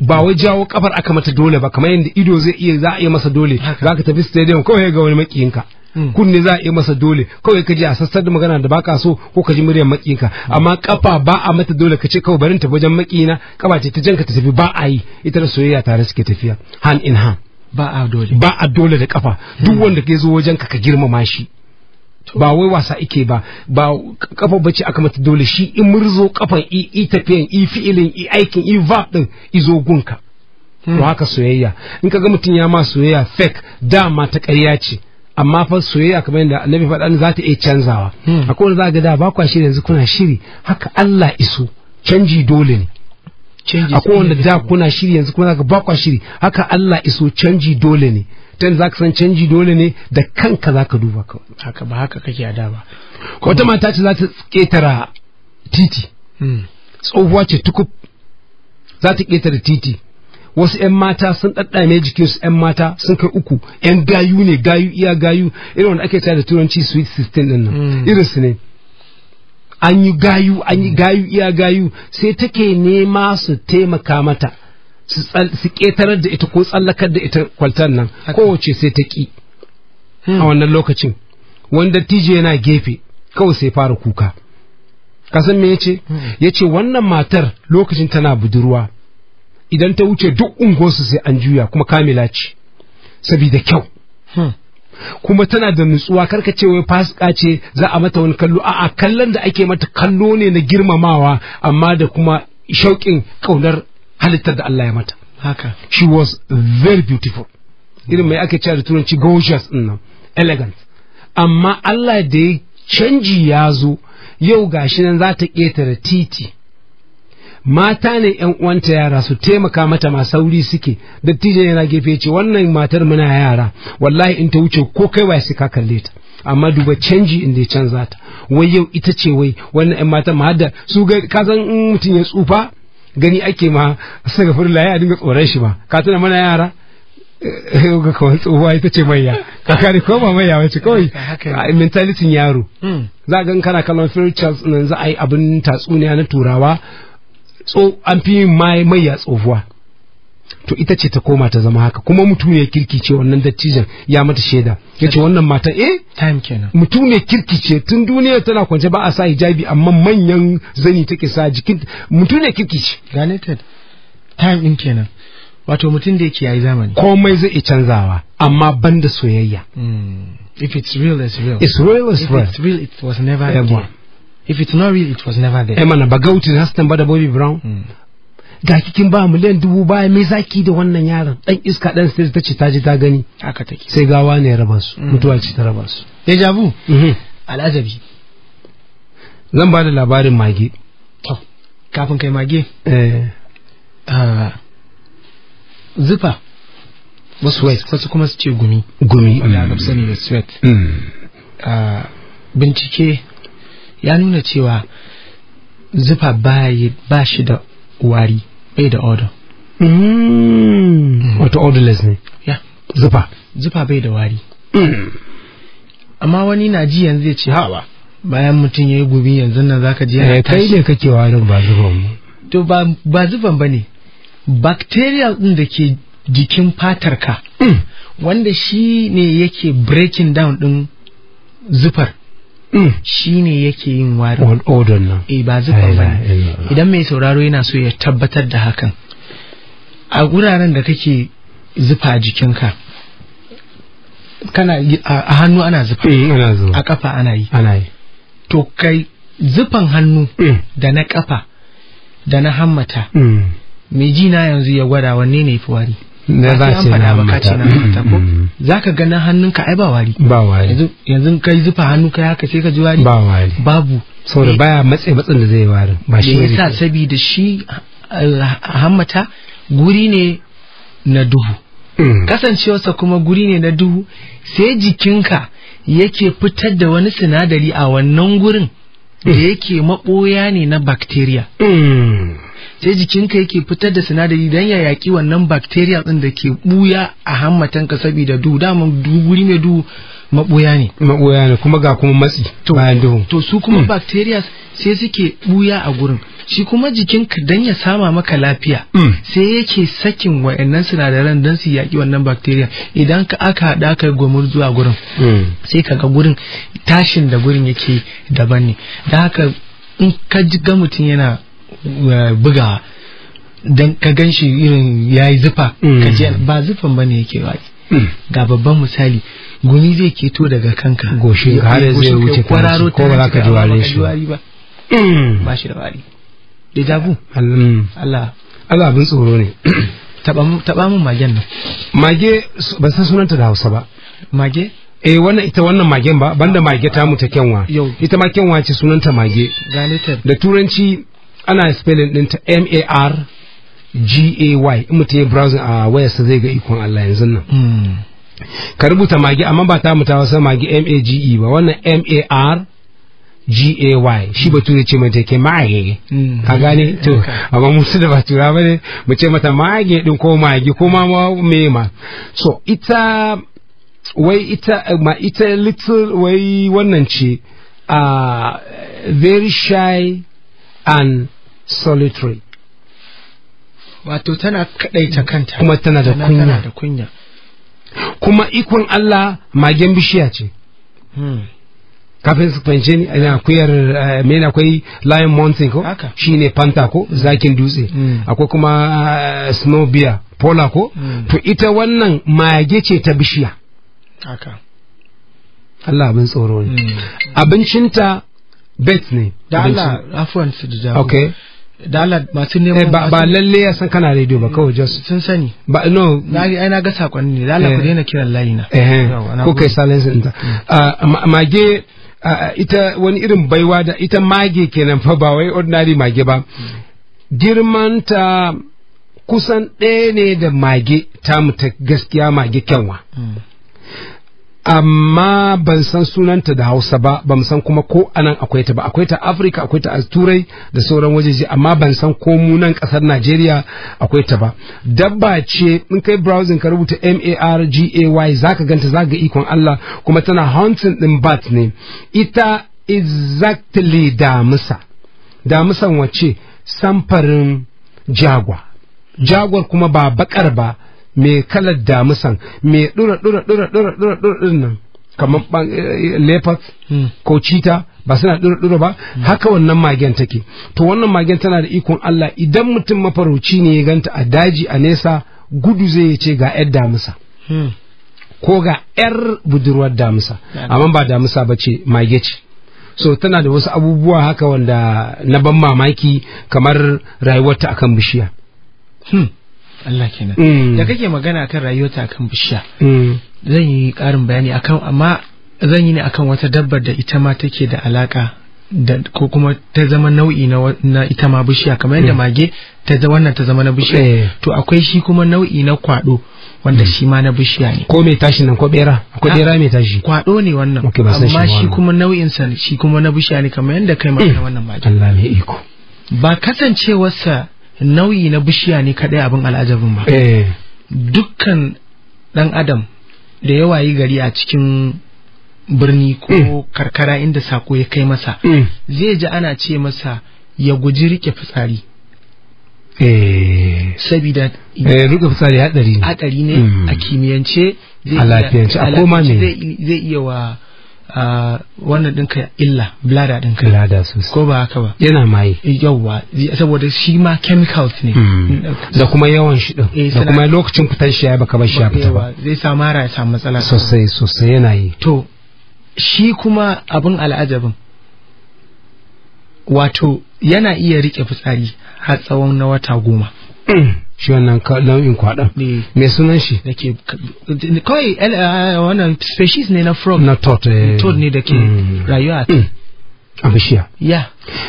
ba wai jawo kafar aka mata dole ba kamar yadda ido zai iya za a iya masa dole za ka tafi stadium kawai ga wani makiyinka hmm. kunne za a iya masa dole kawai ka je a sassar da magana da baka so ko ka ji muryar makiyinka amma kafa ba a mata dole ka ce kawai barin ta wajen makiyina kafa ce ta janka ta tafi ba a yi ita da soyayya tare suke tafiya hand in hand ba a dole ba a dole da kafa duk hmm. wanda ke zo wajen ka ka girmama shi ba wai wasa ike ba ba kafa bace aka mata dole shi in murzo kafan i i tafiyan i fi'ilin i aikin i verb din izo gunka hmm. to haka soyayya in kaga mutum ya ma soyayya fake dama ta ƙarya ce amma fa soyayya kamar yadda annabi faɗa za ta iya canzawa hmm. akwai wanda za ga da ba kwa shiri yanzu kuna shiri haka Allah iso canji dole ne akwai wanda da kuna shiri yanzu kuma za ga ba kwa shiri haka Allah iso canji dole ne extent zaka san canji dole ne da kanka zaka duba kawai haka ba haka kake ba wata mata ce za ta ketara titi hmm. tsohuwa ce tukub za ta ketara titi wasu 'yan mata sun ɗaɗɗame jikinsu 'yan mata sun kai uku 'yan gayu ne gayu iya gayu irin wanda ake cewa da turanci sweet system ɗin nan hmm. irin su ne an yi gayu an yi gayu iya gayu sai take nema su taimaka mata su ƙetarar da ita ko tsallakar da ita kwaltar nan kowace sai ta ƙi a hmm. wannan lokacin wanda tije yana gefe kawai sai fara kuka kasan me yace hmm. yace wannan matar lokacin tana budurwa idan ta wuce duk unguwarsu sai an juya kuma kamila ce sabida kyau hmm. kuma tana da nutsuwa karka ce wai fasika ce za a mata wani kallo a'a kallon da ake mata kallo ne na girmamawa amma da kuma shauƙin ƙaunar halittar da Allah ya mata haka she was very beautiful irin mai ake cewa turanci gorgeous din nan elegant amma Allah da ya canji ya zo yau gashi nan za ta ƙetare titi mata ne yan uwanta yara su taimaka mata ma sauri suke dattijan yana gefe ce wannan matar muna yara wallahi in ta wuce ko kai wa sai ka kalle ta amma duba canji inda ya canza ta wai yau ita ce wai wannan yan matan ma hadda su ga ka mutum ya tsufa gani ake ma furla ya dinga tsoron shi ma ka tuna mana yara eh, ga kawai tsohuwa ita ce ka kakari ko ba maiya wace kawai mentalitin yaro hmm. za ga kana kallon Phil nan za a yi abin tatsuniya na turawa an fi mai ya tsohuwa to ita ce ta koma ta zama haka kuma mutum ne kirkice wannan dattijan ya mata shaida ya ce wannan mata eh time kenan mutum ne kirkice tun duniya tana kwance ba a sa hijabi amma manyan zani take sa jikin mutum ne kirkice ce gane ta time din kenan wato mutum da yake yayi zamani komai zai canzawa amma banda soyayya hmm. if it's real it's real it's real it's if real it's real it was never there. if it's not real it was never there emana bagautin hasan bada bobby brown mm. ga kikin ba miliyan dubu baya me zaki da wannan yaron dan iska dan sai ta ce ta ji ta gani haka take sai gawa ne ya raba su mm. mutuwa ce ta raba su deja vu mm-hmm. al'ajabi zan ba da labarin mage to kafin kai mage eh ah, zufa wasu wasu kuma su ce gumi gumi wanda sani da sweat mm. ah, bincike ya nuna cewa zufa ba shi da wari bai da order. Mm. wato orderless ne ya zufa zufa bai da wari mm. amma wani na ji yanzu ya ce hawa bayan mutum ya yi gumi yanzu nan za ka ji ya eh, kai ne kake warin ba zufan mu to ba ba ne bacteria ɗin da ke jikin fatar ka mm. wanda shi ne yake breaking down ɗin zufar Mm. shine yake yin warin odon nan eh ba zufa ba idan mai sauraro yana so ya tabbatar da hakan a guraren da kake zufa jikinka kana a hannu eh, ana zufa a kafa ana yi ana yi to kai zufan hannu mm. da na kafa da na hammata mm. mai jina yanzu ya gwada wanne ne fi wari na ba shi na mata mm, mm, mm. za ka ga na hannunka ai ba wari ba wari yanzu kai zufa hannu kai haka sai ka ji wari ba wari babu saboda baya matse matsin da zai wari ba shi ne yasa saboda shi hammata guri ne na duhu kasancewarsa kuma guri ne na duhu sai jikinka yake fitar da wani sinadari a wannan gurin da yake maboya ne na bacteria sai jikinka yake fitar da sinadari don ya yaƙi wannan bacteria ɗin da ke ɓuya a hammatanka saboda duhu daman guri mai duhu maɓuya ne maɓuya ne kuma ga kuma matsi bayan duhu to su kuma hmm. bacteria sai suke ɓuya a gurin shi kuma jikinka don ya sama maka lafiya hmm. sai yake sakin wa'annan sinadaran don su yaƙi wannan bacteria idan ka aka haɗa ka gomur zuwa gurin hmm. sai ka ga gurin tashin da gurin yake daban ne da haka in ka ga mutum yana Eh, buga. don ka gan shi irin ya yi zufa mm. ba zufan ba ne yake waki ga babban misali Guni zai keto daga kanka goshi har zai wuce kwararo ko ba za ka ji ware shi ba mm. ba shi da wari da jabu mm. Allah Allah abin tsoro ne taba mun magen nan mage ba san sunanta da Hausa ba mage eh wannan ita wannan magen ba banda mage ta mu ta kyanwa ita ma kyanwa ce sunanta mage da turanci ana spelling ɗinta m-a-r G-A-Y in mutum ya browsing a wayarsa zai ga ikon Allah yanzu nan. Hmm. Ka rubuta magi amma ba ta mutu wasa magi M-A-G-E ba wannan M-A-R G-A-Y shi bature ce mai take mage hmm. ka gane to amma musu da batura ba ne mu ce mata mage din ko magi ko ma me ma so ita wai ita ma ita little wai wannan ce a very shy and solitary wato tana kanta kuma tana da kunya kuma ikon Allah magen bishiya ce hmm. kafin su fahimce ni ina akuyar eh, mena akwai lion mountain ko Shi ne panta ko hmm. zakin dutse hmm. akwai kuma eh, snow bear polar ko to ita wannan mage ce ta bishiya Allah abin tsoro ne abincinta bet ne da Allah afuwan su da jawo okay da Allah masu neman eh, ba ba lalle ya san kana radio ba kawai just sun sani ba no lalle ai na ga sakon ne da Allah ku eh. daina kiran layi na eh ko kai salensa din mage ah, ita wani irin baiwa da ita mage kenan fa ba wai ordinary mage ba mm. girman ta kusan ɗaya ne da mage ta mu ta gaskiya mage kyanwa mm. amma ban san sunanta da hausa ba ban san kuma ko anan akwai ta ba akwai ta afirka akwai ta a turai da sauran wajeje amma ban san ko mu nan kasar najeriya akwai ta ba dabba ce in kai browsing ka rubuta m a r g a y zaka ganta zaka ikon allah kuma tana hunting din bat ne ita exactly damisa damisan wace samfarin jagwa jagwar kuma ba bakar ba mai kalar damusan mai dura dura dura dura dura dura nan kamar eh, eh, leopard hmm. ko cita ba suna dura dura ba hmm. haka wannan magen take to wannan magen tana da ikon Allah idan mutum mafarauci ne ya ganta a daji a nesa gudu zai ce ga yar damusa hmm. ko ga yar budurwar damusa amma ba damusa ba ce mage ce so tana da wasu abubuwa haka wanda na ban mamaki kamar rayuwarta akan bishiya Allah kenan mm. da kake magana kan rayuwarta akan bishiya mm. zan yi karin bayani akan amma zan yi ne akan wata dabbar da ita ma take da alaka da ko kuma ta zama nau'i na, na ita ma bishiya kamar yadda mm. mage ta wannan ta zama na bishiya eh. to akwai shi kuma nau'i na kwado wanda shi ma na bishiya ne ko mai tashi nan ko bera ko bera ah, mai tashi kwado ne wannan amma shi kuma nau'in sa shi kuma na bishiya ne kamar yadda kai magana eh. wannan mage Allah ne iko ba kasancewarsa nauyi na bishiya ne kadai abin al'ajabin ba eh. dukkan dan adam da yawa yi gari a cikin birni ko eh. karkara inda sako ya kai masa eh. zai ji ana ce masa ya guji rike fitsari sabida rike fitsari hadari ne hadari ne hmm. a kimiyyance zai iya wa Ah, wannan ɗinka illa blada ɗinka blada sosai ko ba haka ba yana maye yawwa saboda shi ma chemicals ne hmm. mm. da kuma yawan shi din eh, da kuma lokacin fitar shi ya baka bar shi ya fita ba zai sa mara ya samu matsala sosai sosai yana yi to shi kuma abin al'ajabin wato yana iya rike fitsari har tsawon na wata goma hmm. shi wannan nau'in kwaɗan mai sunan shi da ke kawai uh, wannan species ne na frog na tot. Eh. Tot ne da ke mm. rayuwa a bishiya ya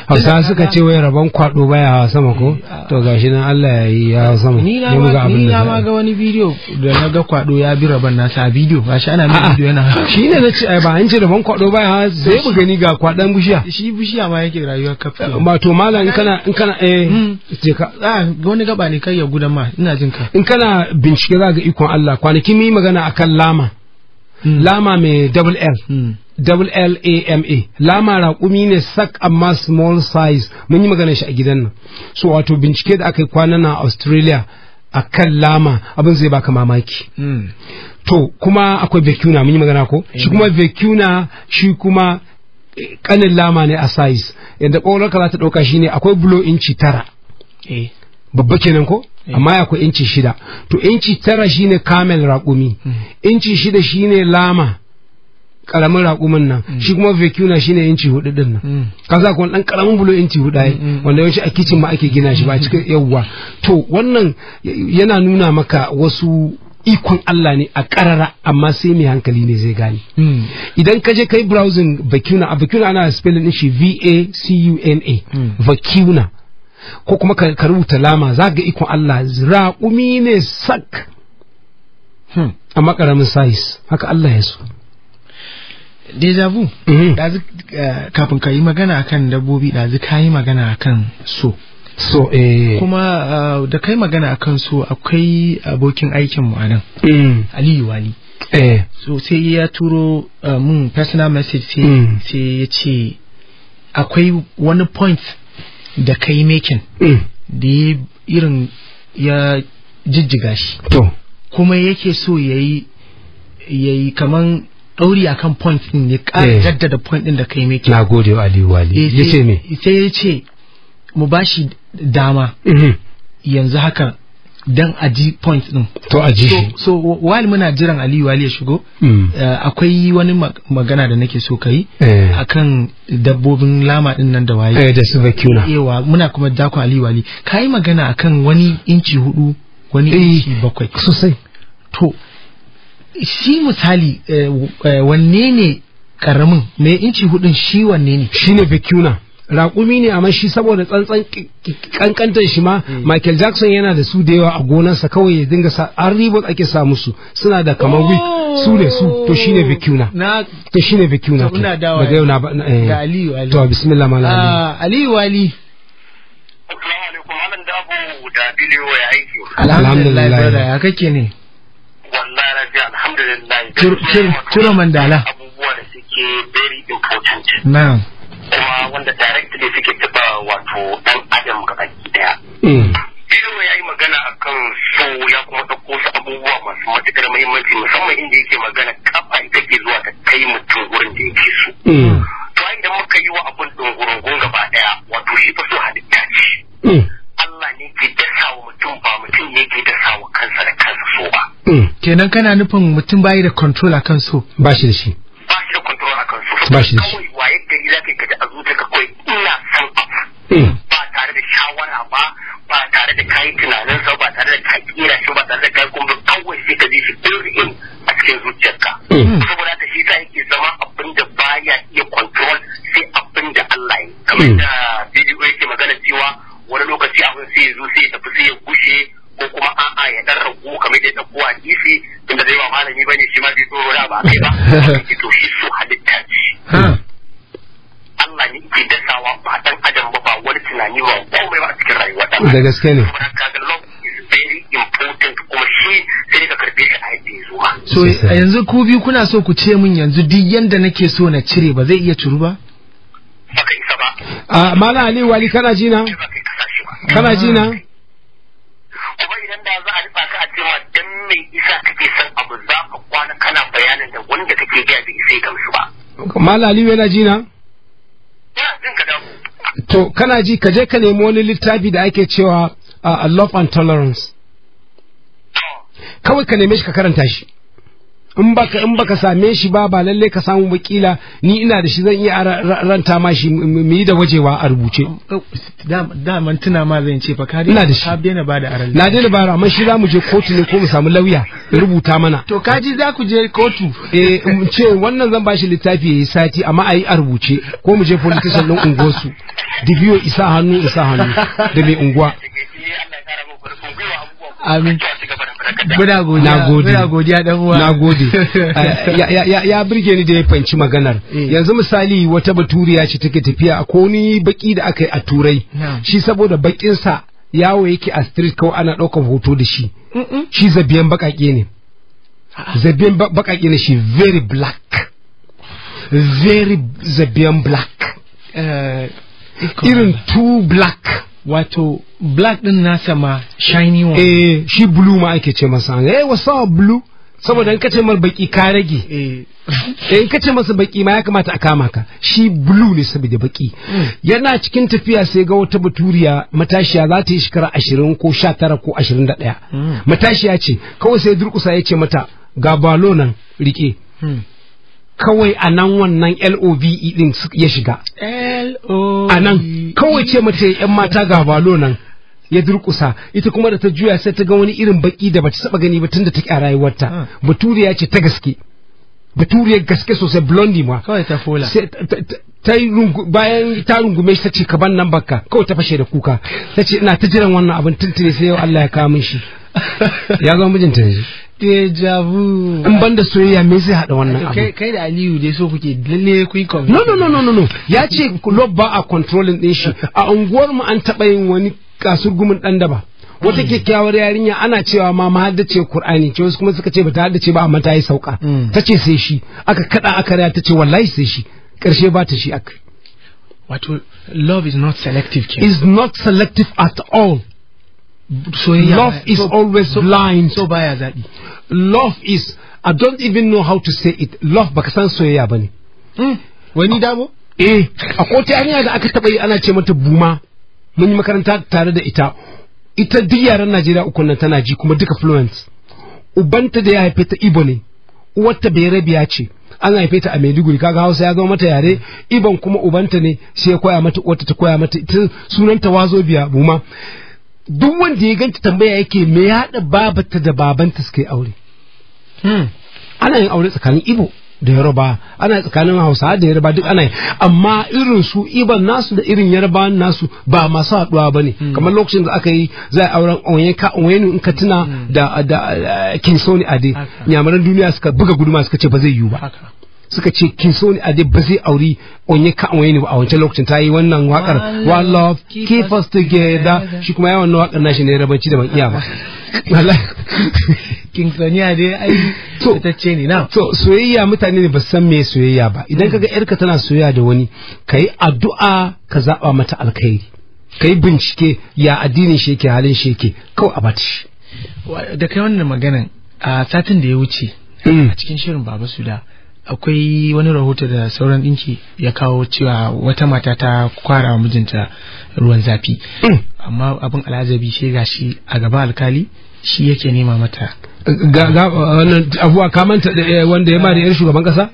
hausa suka ce wai rabon kwado baya a sama ko to gashi nan Allah ya yi ya sama ni na ma ni na ma ga wani bidiyo da na ga kwado ya bi rabon nasa a bidiyo gashi ana mai bidiyo yana shi ne na ce ba an ce rabon kwado baya hawa sai mu gani ga kwadan bishiya shi bishiya ma yake rayuwar kafin. ba to malam in kana in kana eh hmm. je ka ah wani gaba ne kai ya gudan ma ina jin ka in kana bincike za ga ikon Allah kwanaki mu yi magana akan lama Hmm. lama mai double l hmm. double l a m a lama raƙumi ne sak amma small size mun yi magana shi a gidan nan so wato bincike da aka yi kwana na australia a kan lama abin zai baka mamaki hmm. to kuma akwai vecuna mun yi magana ko eh. shi kuma vecuna shi kuma kanin eh, lama ne a size yadda ƙwaƙwalwarka za ta ɗauka shine akwai bulo inci tara eh. babba kenan ko eh. amma ku inci shida to inci tara shine kamel raƙumi hmm. inci shida shine lama karamin raƙumin nan hmm. shi kuma vacuna shine inci hudu din nan hmm. ka sa kuma dan karamin bulo inci hudu ai wanda yawanci a kicin ma ake gina shi ba cikin yawwa to wannan yana nuna maka wasu ikon Allah ne a karara amma sai mai hankali ne zai gane idan ka je kai browsing vacuna a vacuna ana spelling shi V A C U N A vacuna ko kuma ka rubuta lama za ga ikon Allah raƙumi ne sak hmm, A makaramin sayis haka Allah ya so deja vu mm-hmm. eh, kafin ka yi magana akan dabbobi ɗazu ka yi magana akan so so eh kuma eh, da kai magana akan so akwai abokin aikinmu anan. Mm. aliyu wali eh. so sai ya turo mun personal message mm. sai ya ce akwai wani point da kai mekin mm. da ya irin ya jijjiga shi kuma yake so ya yi kaman ɗauri akan point ɗin ya ƙara eh. jaddada point ɗin da kai mekin na gode wa aliyu wali eh, ya ce me sai ya ce mu bashi dama mm-hmm. yanzu haka dan aji ji point din to a so, so wali muna jiran aliyu wali ya shigo mm. uh, akwai wani magana da nake so kai eh. akan dabbobin lama din nan da waye eh, da su vacuna ewa muna kuma dako aliyu wali kai magana akan wani inci hudu wani eh. inci bakwai sosai to shi misali uh, uh, wanne ne karamin Me inci hudun shi wanne ne shine vacuna raƙumi ne amma shi saboda tsantsan kankantar shi ma hmm. Michael Jackson yana da su da yawa a gonarsa kawai ya dinga sa an ribot ake sa musu suna da kamar wig su da su to shine oh! vicuna to shine vicuna to yau na eh. ga Aliyu Ali to bismillah mala Aliyu ah, Ali Alhamdulillah ya kake ne wallahi lafiya alhamdulillah kira mandala abubuwa da suke very important Na. wanda ne suke taba wato dan adam ga baki daya. Mm. Bidiyo ya yi magana akan so ya kuma ɗauko su abubuwa masu matukar muhimmanci musamman inda yake magana kafa ita ke zuwa ta kai mutum wurin da yake so. Mm. To idan muka yi wa abun gun gaba ɗaya wato shi fa so halitta ce. Mm. Allah ne ke dasa wa mutum ba mutum ne ke dasa wa kansa da kansa so ba. Kenan kana nufin mutum bayi da control akan so? Ba shi da shi. Ba shi da control akan so. Ba shi da shi. ba tare da kayi tunanin sa ba tare da ka kira shi ba tare da kayi kuma kawai sai ka ji shi in a cikin zuciyarka mm. saboda ta shi ta yake zama abin da baya iya control sai abin da Allah ya kamar mm. da bidiyo yake magana cewa wani lokaci abin sai ya zo sai ya tafi sai ya gushe ko kuma a'a ya dan ragu kamar da ya dauko a kifi tunda zai ba malami bane shi ma bai tsoro da ba kai ba da gaske ne so yanzu ku biyu kuna so ku ce min yanzu duk yanda nake so na cire ba zai iya curu ba a ah, mala ali wali kana ji na kana ji na kuma idan da za a rufa ka a ce ma dan mai isa kake san abu za ka kwana kana bayanin da wanda kake gaya bai sai gamsu ba mala ali yana ji na to kana ji ka je ka nemi wani littafi da ake cewa uh, love and tolerance kawai ka neme shi ka karanta shi in baka in baka same shi ba ba lalle ka samu wakila ni ina da shi zan iya ranta ma shi mu yi da wajewa a rubuce Da tuna ma zan ce fa kare ina da ka ba da aran na daina ba amma shi za mu je kotu ne ko mu samu lauya rubuta mana to kaji za ku je kotu eh ce wannan zan bashi littafi yayi sati amma ayi a rubuce ko mu je politician din ungosu dibiyo isa hannu isa hannu da mai unguwa amin muna godiya godiya dan uwa na gode ya birge ni da ya fanci maganar eh. yanzu misali wata baturiya ce take tafiya a koni baki da aka yi a turai shi saboda bakin sa yawo yake a street kawai ana daukan hoto da shi shi zabiyan bakake ne zabiyan bakake ne shi very black very zabiyan black eh, irin two black wato black din nasa ma shiny one eh shi blue ma ake ce masa eh wasa blue saboda in kace mar baki ka rage eh, eh in kace masa baki ma ya kamata a kama ka shi blue ne saboda baki hmm. yana cikin tafiya sai ga wata baturiya matashiya za ta yi shekara 20 ko 19 ko 21 hmm. matashiya ce kawai sai durkusa ya ce mata ga balo nan rike hmm. kawai a nan wannan LOVE din ya shiga. A nan kawai ce mata ‘yan mata ga balo nan ya durkusa ita kuma da ta juya sai ta ga wani irin baki da bata saba gani ba tun da take a rayuwarta. Ah. Baturiya ce ta gaske. Baturiyar gaske sosai blondi ma. Kawai ta fola. ta bayan ta rungume shi ta ce ka ban nan baka kawai ta fashe da kuka ta ce ina ta jiran wannan abin tuntune sai yau Allah ya kawo min shi ya ga mijinta ne deja vu in ban da soyayya me zai hada wannan abu kai da aliyu dai so kuke lalle ku yi no no no no no ya ce club ba a controlling din shi a unguwar mu an taba yin wani gumin dan daba wata hmm. kyakkyawar yarinya ana cewa ma ma haddace Qur'ani ce wasu kuma suka ce bata haddace ba amma ta yi sauka hmm. ta ce sai shi aka kada aka raya ta ce wallahi sai shi karshe ba ta shi aka wato love is not selective is not selective at all love is always blind so baya zaɓi love is I don't even know how to say it love baka san soyayya bane hmm. wani dabo eh a kotu yarinya da aka taba yi ana ce mata buma mun yi makaranta tare da ita ita duk yaran Najeriya uku nan tana ji kuma duka fluent ubanta da ya haife ta Ibo ne uwarta rabiya ce an haife ta a Maiduguri kaga Hausa ya zama mata yare Ibon kuma ubanta ne sai ya koya mata uwarta ta koya mata ita sunanta wazo biya buma duk wanda ya ganta tambaya yake me ya haɗa babata da babanta suka yi aure hmm. ana yin aure tsakanin ibo da yaroba ana tsakanin hausa da yaroba duk ana yi amma irin su iban nasu da irin yaroba nasu ba masu haɗuwa ba ne hmm. kamar lokacin da aka yi za a auren onyenka onyenu in ka tuna hmm. da eh, kinsoni ade nyamaran duniya suka buga guduma suka ce ba zai yiwu ba suka ce kin so ni a dai ba zai auri onye ka onye ne a wancan lokacin ta yi wannan wakar Wa love keep us together shi kuma ya wannan wakar nashi ne rabanci da ban iya ba kin a dai ai ce ni na so soyayya mutane ne ba san me soyayya ba idan kaga yarka hmm. tana soyayya da wani kai addu'a ka zaba mata alkhairi kai bincike ya addinin shi yake halin shi yake kawai a bata da kai wannan maganan a satin da ya wuce hmm. a cikin shirin baba suda akwai wani rahoto da sauran ɗinki ya kawo cewa wata mata ta kwara wa mijinta ruwan zafi hmm. amma abin alazabi shi gashi a gaban alkali shi yake nema mata abuwa kamanta eh, wanda ya mari yar shugaban kasa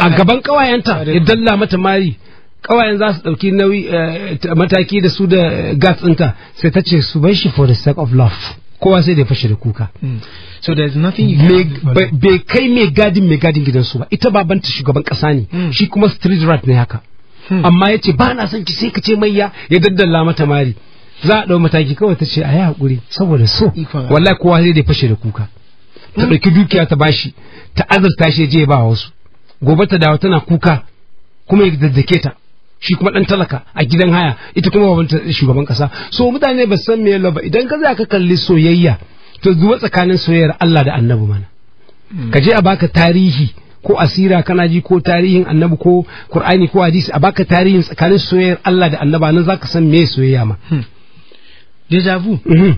a gaban kawayenta ya dalla mata mari kawayen za su ɗauki nauyi eh, mataki da su da eh, gas ɗinta sai ta ce su bai shi for the sake of love kowa sai da fashe da kuka hmm. so there is nothing you can bai kai mai gadin mai gadin gidansu ba ita ba banta shugaban kasa ne hmm. shi kuma street rat ne haka hmm. amma yace ba na son ki sai ka ce mai ya daddalla mata mari za a ɗau mataki kawai ta ce a yi haƙuri saboda so wallahi kowa sai da fashe da kuka ta ɗauki dukiya ta bashi ta azurta shi ya je ya ba wasu gobe ta dawo tana kuka kuma ya daddake ta shi kuma dan talaka a gidan haya ita kuma babanta shugaban kasa so mutane ba san me ba idan ka za ka kalli soyayya to zuwa tsakanin soyayyar Allah da Annabi mana ka je a baka tarihi ko asira kana ji ko tarihin Annabi ko Qur'ani ko hadisi a baka tarihin tsakanin soyayyar Allah da annabi nan zaka san me soyayya ma hmm. deja vu mhm.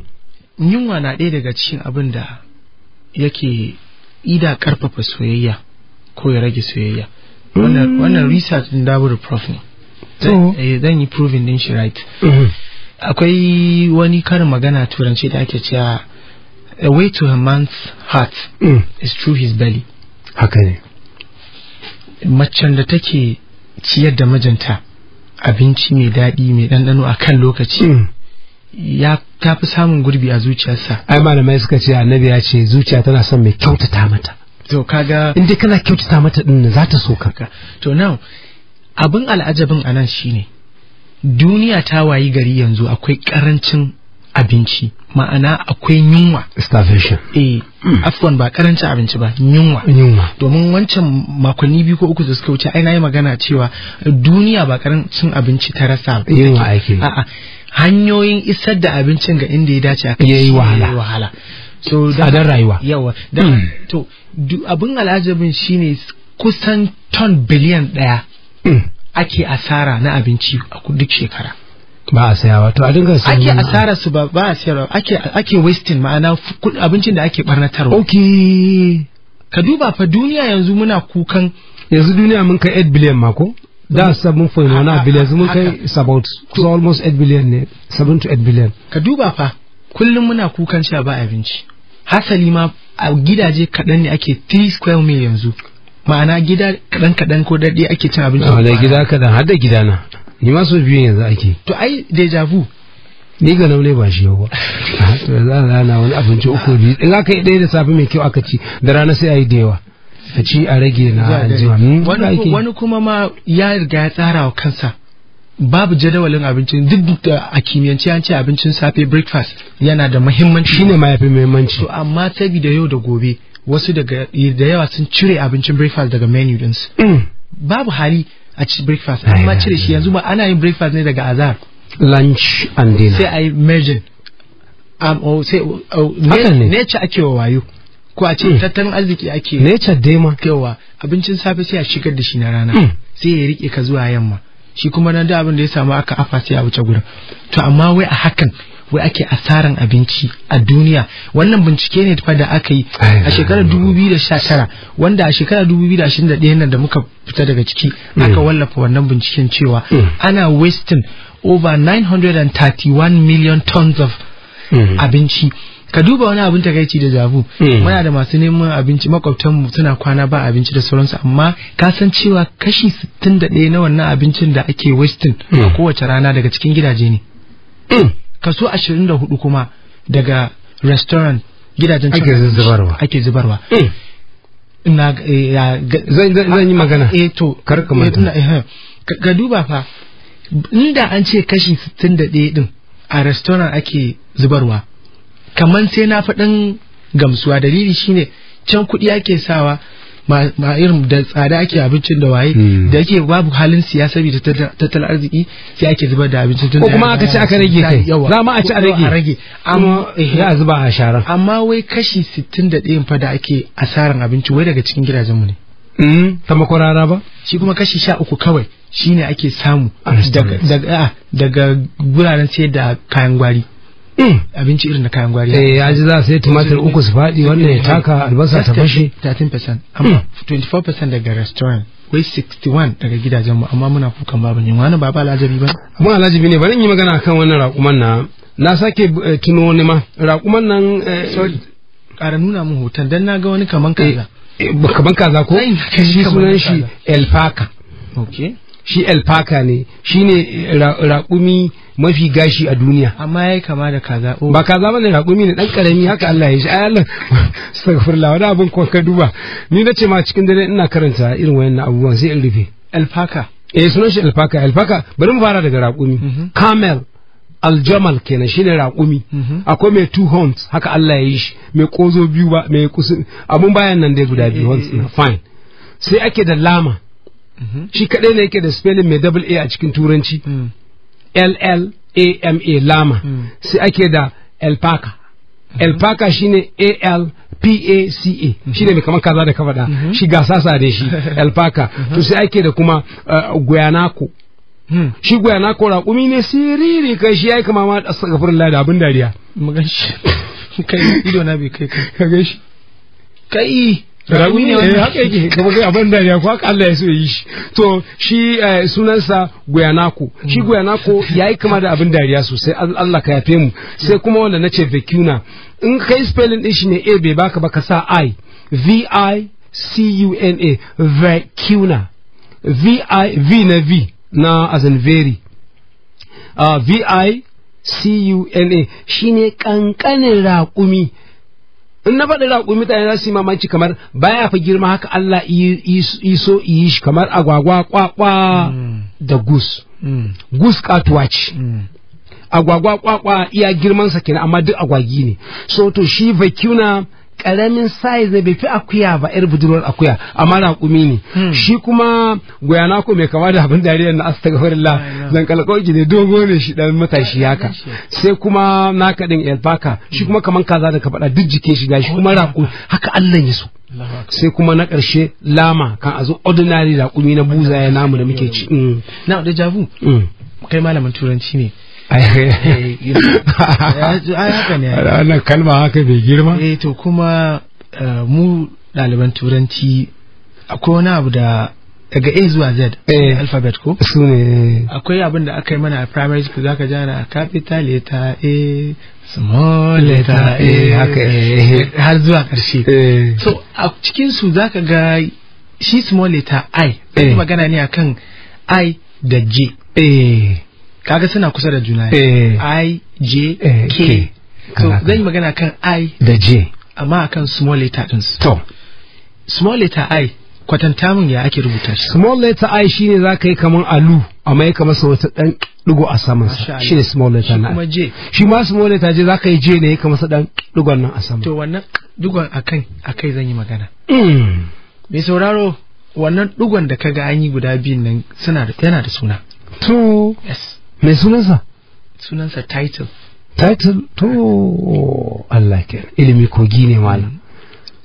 yunwa na ɗaya daga cikin abinda yake ida karfafa soyayya ko ya rage soyayya wannan hmm. research din Dabur Prof ne zan yi proving din shi right mm-hmm. akwai wani karin magana turanci da ake cewa a way to a man's heart mm. is through his belly haka ne macen da take ciyar da mijinta abinci mai daɗi mai ɗanɗano a kan lokaci mm. ya ta samun gurbi a zuciyarsa ai malamai suka ce annabi ya ce zuciya tana son mai kyautata mata to kaga in dai kana kyautata mata din za ta so ka to now abin al'ajabin a nan shine duniya ta wayi gari yanzu akwai karancin abinci ma'ana akwai yunwa starvation eh mm. afwan ba karancin abinci ba yunwa yunwa domin wancan makonni biyu ko uku da suka wuce ai nayi magana cewa duniya ba karancin abinci ta rasa yunwa ake a'a hanyoyin isar da abincin ga inda ya dace a kai wahala wahala so tsadar rayuwa yawa da hmm. to abin al'ajabin shine kusan ton biliyan daya ake asara na abinci a duk shekara ba a sayawa to a dinga sayawa ake asara su ba ba a sayarwa ake ake wasting ma'ana abincin da ake barnatarwa okay ka duba fa duniya yanzu muna kukan yanzu duniya mun kai 8 billion mako da 7.1 billion mun kai is about almost 8 billion ne 7 to 8 billion ka duba fa kullum muna kukan cewa ba abinci hasali ma a gidaje kaɗan ne ake 3 square mil yanzu ma'ana gida kaɗan kaɗan ko daɗi ake cin abinci a ah, da gida kaɗan har da gida na ni ma so biyu yanzu ake to ai deja vu ni ga naune ba shi yawa. ba ah, to za an rana wani abinci uku biyu in aka yi ɗaya da safe mai kyau aka ci da rana sai a yi da yawa a ci a rage na anjima hmm, wani kuma ma ya riga ya tsara wa kansa babu jadawalin abincin duk da a kimiyyance an ce abincin safe breakfast yana da muhimmanci shine ma yafi muhimmanci to amma sabida yau da gobe wasu daga da yawa sun cire abincin breakfast daga menu dinsu mm. babu hali a ci breakfast amma cire shi yanzu ba ana yin breakfast ne daga azar lunch and dinner sai a yi merging um, oh, sai oh, nature ake wa wayo ko a ce mm. tattalin arziki ake nature dai ma kewa abincin safe sai a shigar da shi na rana mm. sai ya rike ka zuwa yamma shi kuma nan da abin da ya samu aka afa sai a wuce gurin to amma wai a hakan wai ake asaran abinci a duniya wannan bincike ne fa da aka yi a shekarar 2019 wanda a shekarar 2021 nan da muka fita daga ciki mm. aka wallafa wannan binciken cewa mm. ana wasting over 931 million tons of mm. abinci ka duba wani abin takaici da jabu muna da masu neman abinci mu suna kwana ba abinci da sauransu amma ka san cewa kashi 61 na wannan abincin da ake wasting a kowace rana daga cikin gidaje ne kaso 24 kuma daga restaurant gidajen ake zubarwa ake zubarwa eh. na eh, ya zan yi magana eh to karka manta eh, ka duba fa inda an ce kashi 61 din a restaurant ake zubarwa kamar sai na faɗin gamsuwa dalili shine can kuɗi ake sawa ma irin da tsada ake abincin da waye hmm. da yake babu halin siya ta tattalin arziki sai ake zubar da abincin tun ko kuma aka ci aka rage kai za ma a ci a rage rage. amma ya eh, zuba a shara amma wai kashi 61 fa da ake asaran abinci wai daga cikin gidajen mu ne hmm? ta makwarara ba shi kuma kashi sha uku kawai shine ake samu ah, daga guraren sayar da kayan gwari Eh. abinci irin na kayan gwari eh ya ji za sai tumatir uku su faɗi wannan ya taka albasa ta fashe 13% amma 24% hmm. daga restaurant wai 61 daga gidajen mu amma muna kukan babu ne wani ba alajabi ba amma alajabi ne bari in yi magana akan wannan raƙuman na na sake eh, tuno ne ma raƙuman nan eh, sorry ƙara nuna mu hoton dan na ga wani kaman kaza kaman kaza ko shi sunan shi elfaka okay shi alfaka ne shi ne raƙumi mafi gashi a duniya amma ya yi kama da kaza oh. ba kaza ba ne raƙumi ne ɗan ƙarami haka Allah ya shi ai Allah astaghfirullah wani abin kuma ka duba ni na ce ma cikin dare ina karanta irin wayannan abubuwan sai in rufe alfaka eh sunan shi alfaka alfaka bari mu fara daga raƙumi mhm. camel aljamal kenan shine raƙumi mhm. akwai mai two horns haka Allah ya yi shi mai kozo biyu ba mai kusur abun bayan nan dai guda biyu eh, eh, horns eh, fine sai ake da lama shi kadai ne yake da spelling mai double a a cikin turanci hmm. l l a m a lama hmm. sai ake da alpaca hmm. alpaca shine a l PACA shi ne mai kamar kaza da ka shi ga sasa da shi alpaka to sai ake da kuma eh, guyanako shi guyanako raƙumi ne siriri kai shi ya yi kama ma astaghfirun da abin dariya magan shi kai ido na bai kai kai kai raƙumi ne eh, wannan haka yake gaba ga abin da ya haka Allah ya so yi shi to shi eh, sunansa guyanako shi hmm. guyanako yi kama da abin dariya sosai Allah ka yafe mu sai kuma wanda nace vacuna in kai spelling din shi ne a bai baka ka sa i v i c u n a vacuna v i v na v na as in very ah, v i C-U-N-A shi ne ƙanƙanin raƙumi in na faɗi rakumi mutane za su yi mamaki kamar baya fa girma haka Allah iso yi shi kamar agwagwa kwakwa mm. da gus mm. gus katuwa ce mm. agwagwa kwakwa iya girmansa kenan amma duk agwagi ne so to shi vacuna karamin size bai fi akuya ba yar budurwar akuya amma raƙumi ne hmm. shi kuma goyana ko mai kama da abin dariyar na astagfirullah zan kalkauki ne dogo ne shi dan matashi haka sai kuma na kaɗin elbaka shi kuma kaman kaza da ka faɗa duk jikin shi gashi kuma raƙumi haka Allah ya so sai kuma na ƙarshe lama kan azu zo ordinary raƙumi na buza ya namu da muke ci. na da jabu kai malamin turanci ne wannan kalma haka bai girma eh to kuma eh, mu ɗaliban turanci akwai wani abu da daga A zuwa Z eh. alphabet ko su ne akwai abin da aka yi mana a primary school zaka ji ana capital letter A small letter A eh, haka har zuwa karshe so a cikin su zaka ga shi small letter I magana ne akan I da J kaga suna kusa da juna eh. i j eh, k so zan yi magana kan i da j amma akan small letter din to small letter i kwatanta min ya ake rubuta shi small letter i shine zaka yi kaman alu amma ya kamar wata dan digo a saman sa ne small letter na kuma j shi ma small letter j zaka yi j ne ya kamar dan digon nan a saman to wannan digon akan akai zan yi magana Me mm. sauraro wannan digon da kaga an yi guda biyun nan suna da yana da suna to yes mai sunansa sunansa title title to Allah ke ilimi kogi ne malam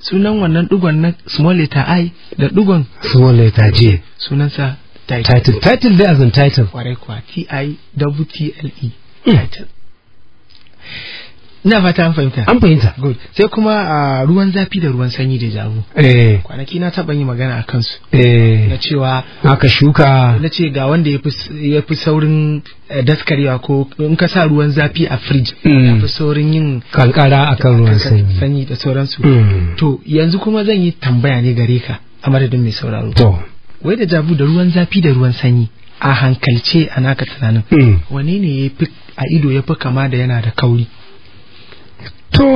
sunan wannan dugon na small letter i da dugon small letter j sunansa title title title dai azan title kwarai kwa t i w t l e hmm. title ina fata an fahimta an fahimta good sai kuma ah, ruwan zafi da ruwan sanyi da jamu eh kwanaki na taɓa yi magana a kansu eh na cewa aka shuka na ce ga wanda ya fi saurin eh, daskarewa ko in ka sa ruwan zafi a fridge mm. ya fi saurin yin kankara akan ruwan sanyi da sauransu mm. to yanzu kuma zan yi tambaya ne gare ka a madadin mai sauraro to wai da jabu da ruwan zafi da ruwan sanyi a hankalce a naka tunanin mm. wane ne ya fi a ido ya fi kama da yana da kauri to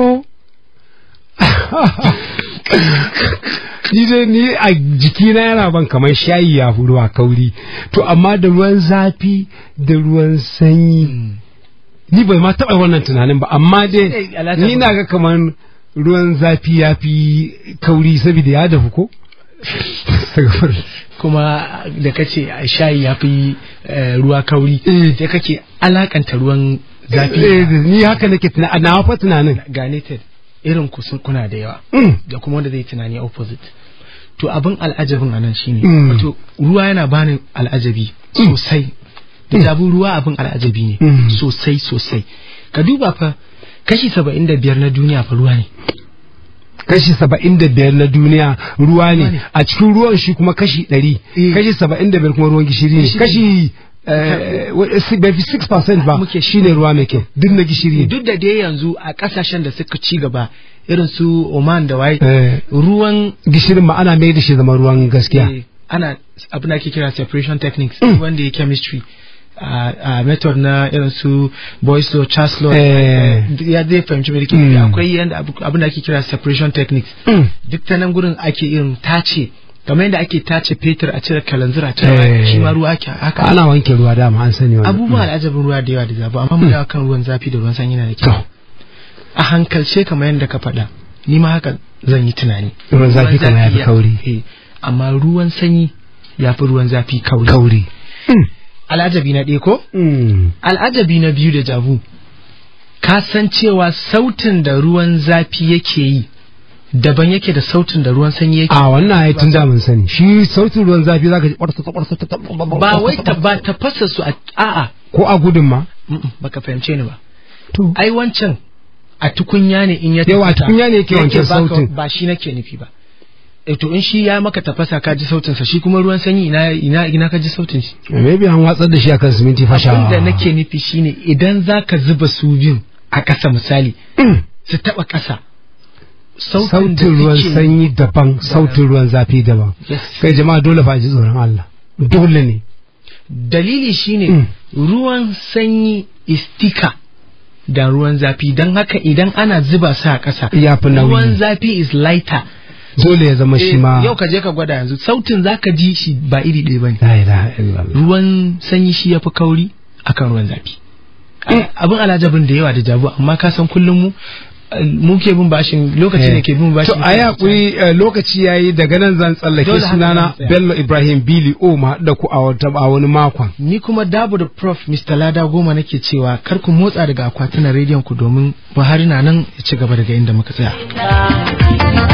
ni dai ni a jikina yana ban kamar shayi ya fi ruwa kauri to amma da ruwan zafi da ruwan sanyi ni bai ma taɓa wannan tunanin ba amma dai ni na ga kamar ruwan zafi ya fi kauri saboda ya dafu ko kuma da kace shayi ya fi eh, ruwa kauri eh. sai kake alakanta ruwan zafi eh, eh, ni haka nake tunani na fa tunanin ganited irin ku kuna da yawa mm. da kuma wanda zai tunani opposite to abin al'ajabin anan shine mm. wato ruwa yana bani al'ajabi mm. sosai da jabin ruwa abin al'ajabi ne sosai sosai ka duba fa kashi saba'in da biyar na duniya fa ruwa ne kashi saba'in da biyar na duniya ruwa ne a cikin ruwan shi kuma kashi ɗari eh. kashi saba'in da biyar kuma ruwan gishiri ne kashi bai fi 6% ba shi ne ruwa mai kyau duk na gishiri duk da dai yanzu a kasashen da suka ci gaba irin su Oman da waye eh. ruwan gishirin ma ana mai da shi zama ruwan gaskiya eh, ana abin da ake kira separation techniques mm. wanda ya chemistry a method na irin su boys law charles law eh. ya zai fahimci mai mm. akwai abin da ake kira separation techniques mm. duk ta nan gurin ake irin tace kamar yadda ake tace fetur a cire kalanzir a cire eh. shi ma ruwa ake haka ana wanke ruwa dama an sani wannan abubuwa mm. al'ajabin ruwa da yawa da zafi amma mu mm. dawo kan ruwan zafi da ruwan sanyi na da kyau a hankalce kamar yadda ka faɗa ni ma haka zan yi tunani ruwan zafi kamar ya fi kauri eh, amma ruwan sanyi ya fi ruwan zafi kauri kauri mm. al'ajabi na ɗaya ko al'ajabi na biyu da jabu ka san cewa sautin da ruwan zafi yake yi daban yake da sautin da ruwan sanyi yake a wannan ayi tun da mun sani shi sautin ruwan zafi zaka ji kwarsa kwarsa ta ba wai ta ba ta fasa su a a ko a gudun ma baka fahimce ni ba to ai wancan a tukunya ne in ya yawa tukunya ne yake wancan sautin ba shi nake nufi ba eh to in shi ya maka tafasa ka ji sautin sa shi kuma ruwan sanyi ina ina ina ka ji sautin shi eh, maybe an watsar da shi akan siminti fasha abin da nake nufi shine idan zaka zuba su biyu a ƙasa misali mm. su taba ƙasa sautin ruwan sanyi daban sautin ruwan zafi daban kai jama'a dole fa ji tsoron Allah dole ne dalili shine mm. ruwan sanyi istika da ruwan zafi don haka idan ana zuba su a ƙasa ruwan zafi is lighter dole ya zama eh, shi ma yau ka je ka gwada yanzu sautin zaka ji shi ba iri ɗaya bane ruwan sanyi shi yafi kauri akan ruwan zafi mm. abin alajabin da yawa da jabu amma ka san kullum mu mu ke bin bashin lokaci ne eh. ke bin bashin to a yakuri eh, lokaci yayi daga nan zan tsallake sunana Bello Ibrahim Bili o ma da ku a wani makon ni kuma dabu da prof Mr Lada goma nake cewa kar ku motsa daga akwatunan rediyon ku domin Buhari na nan ya ci gaba daga inda muka tsaya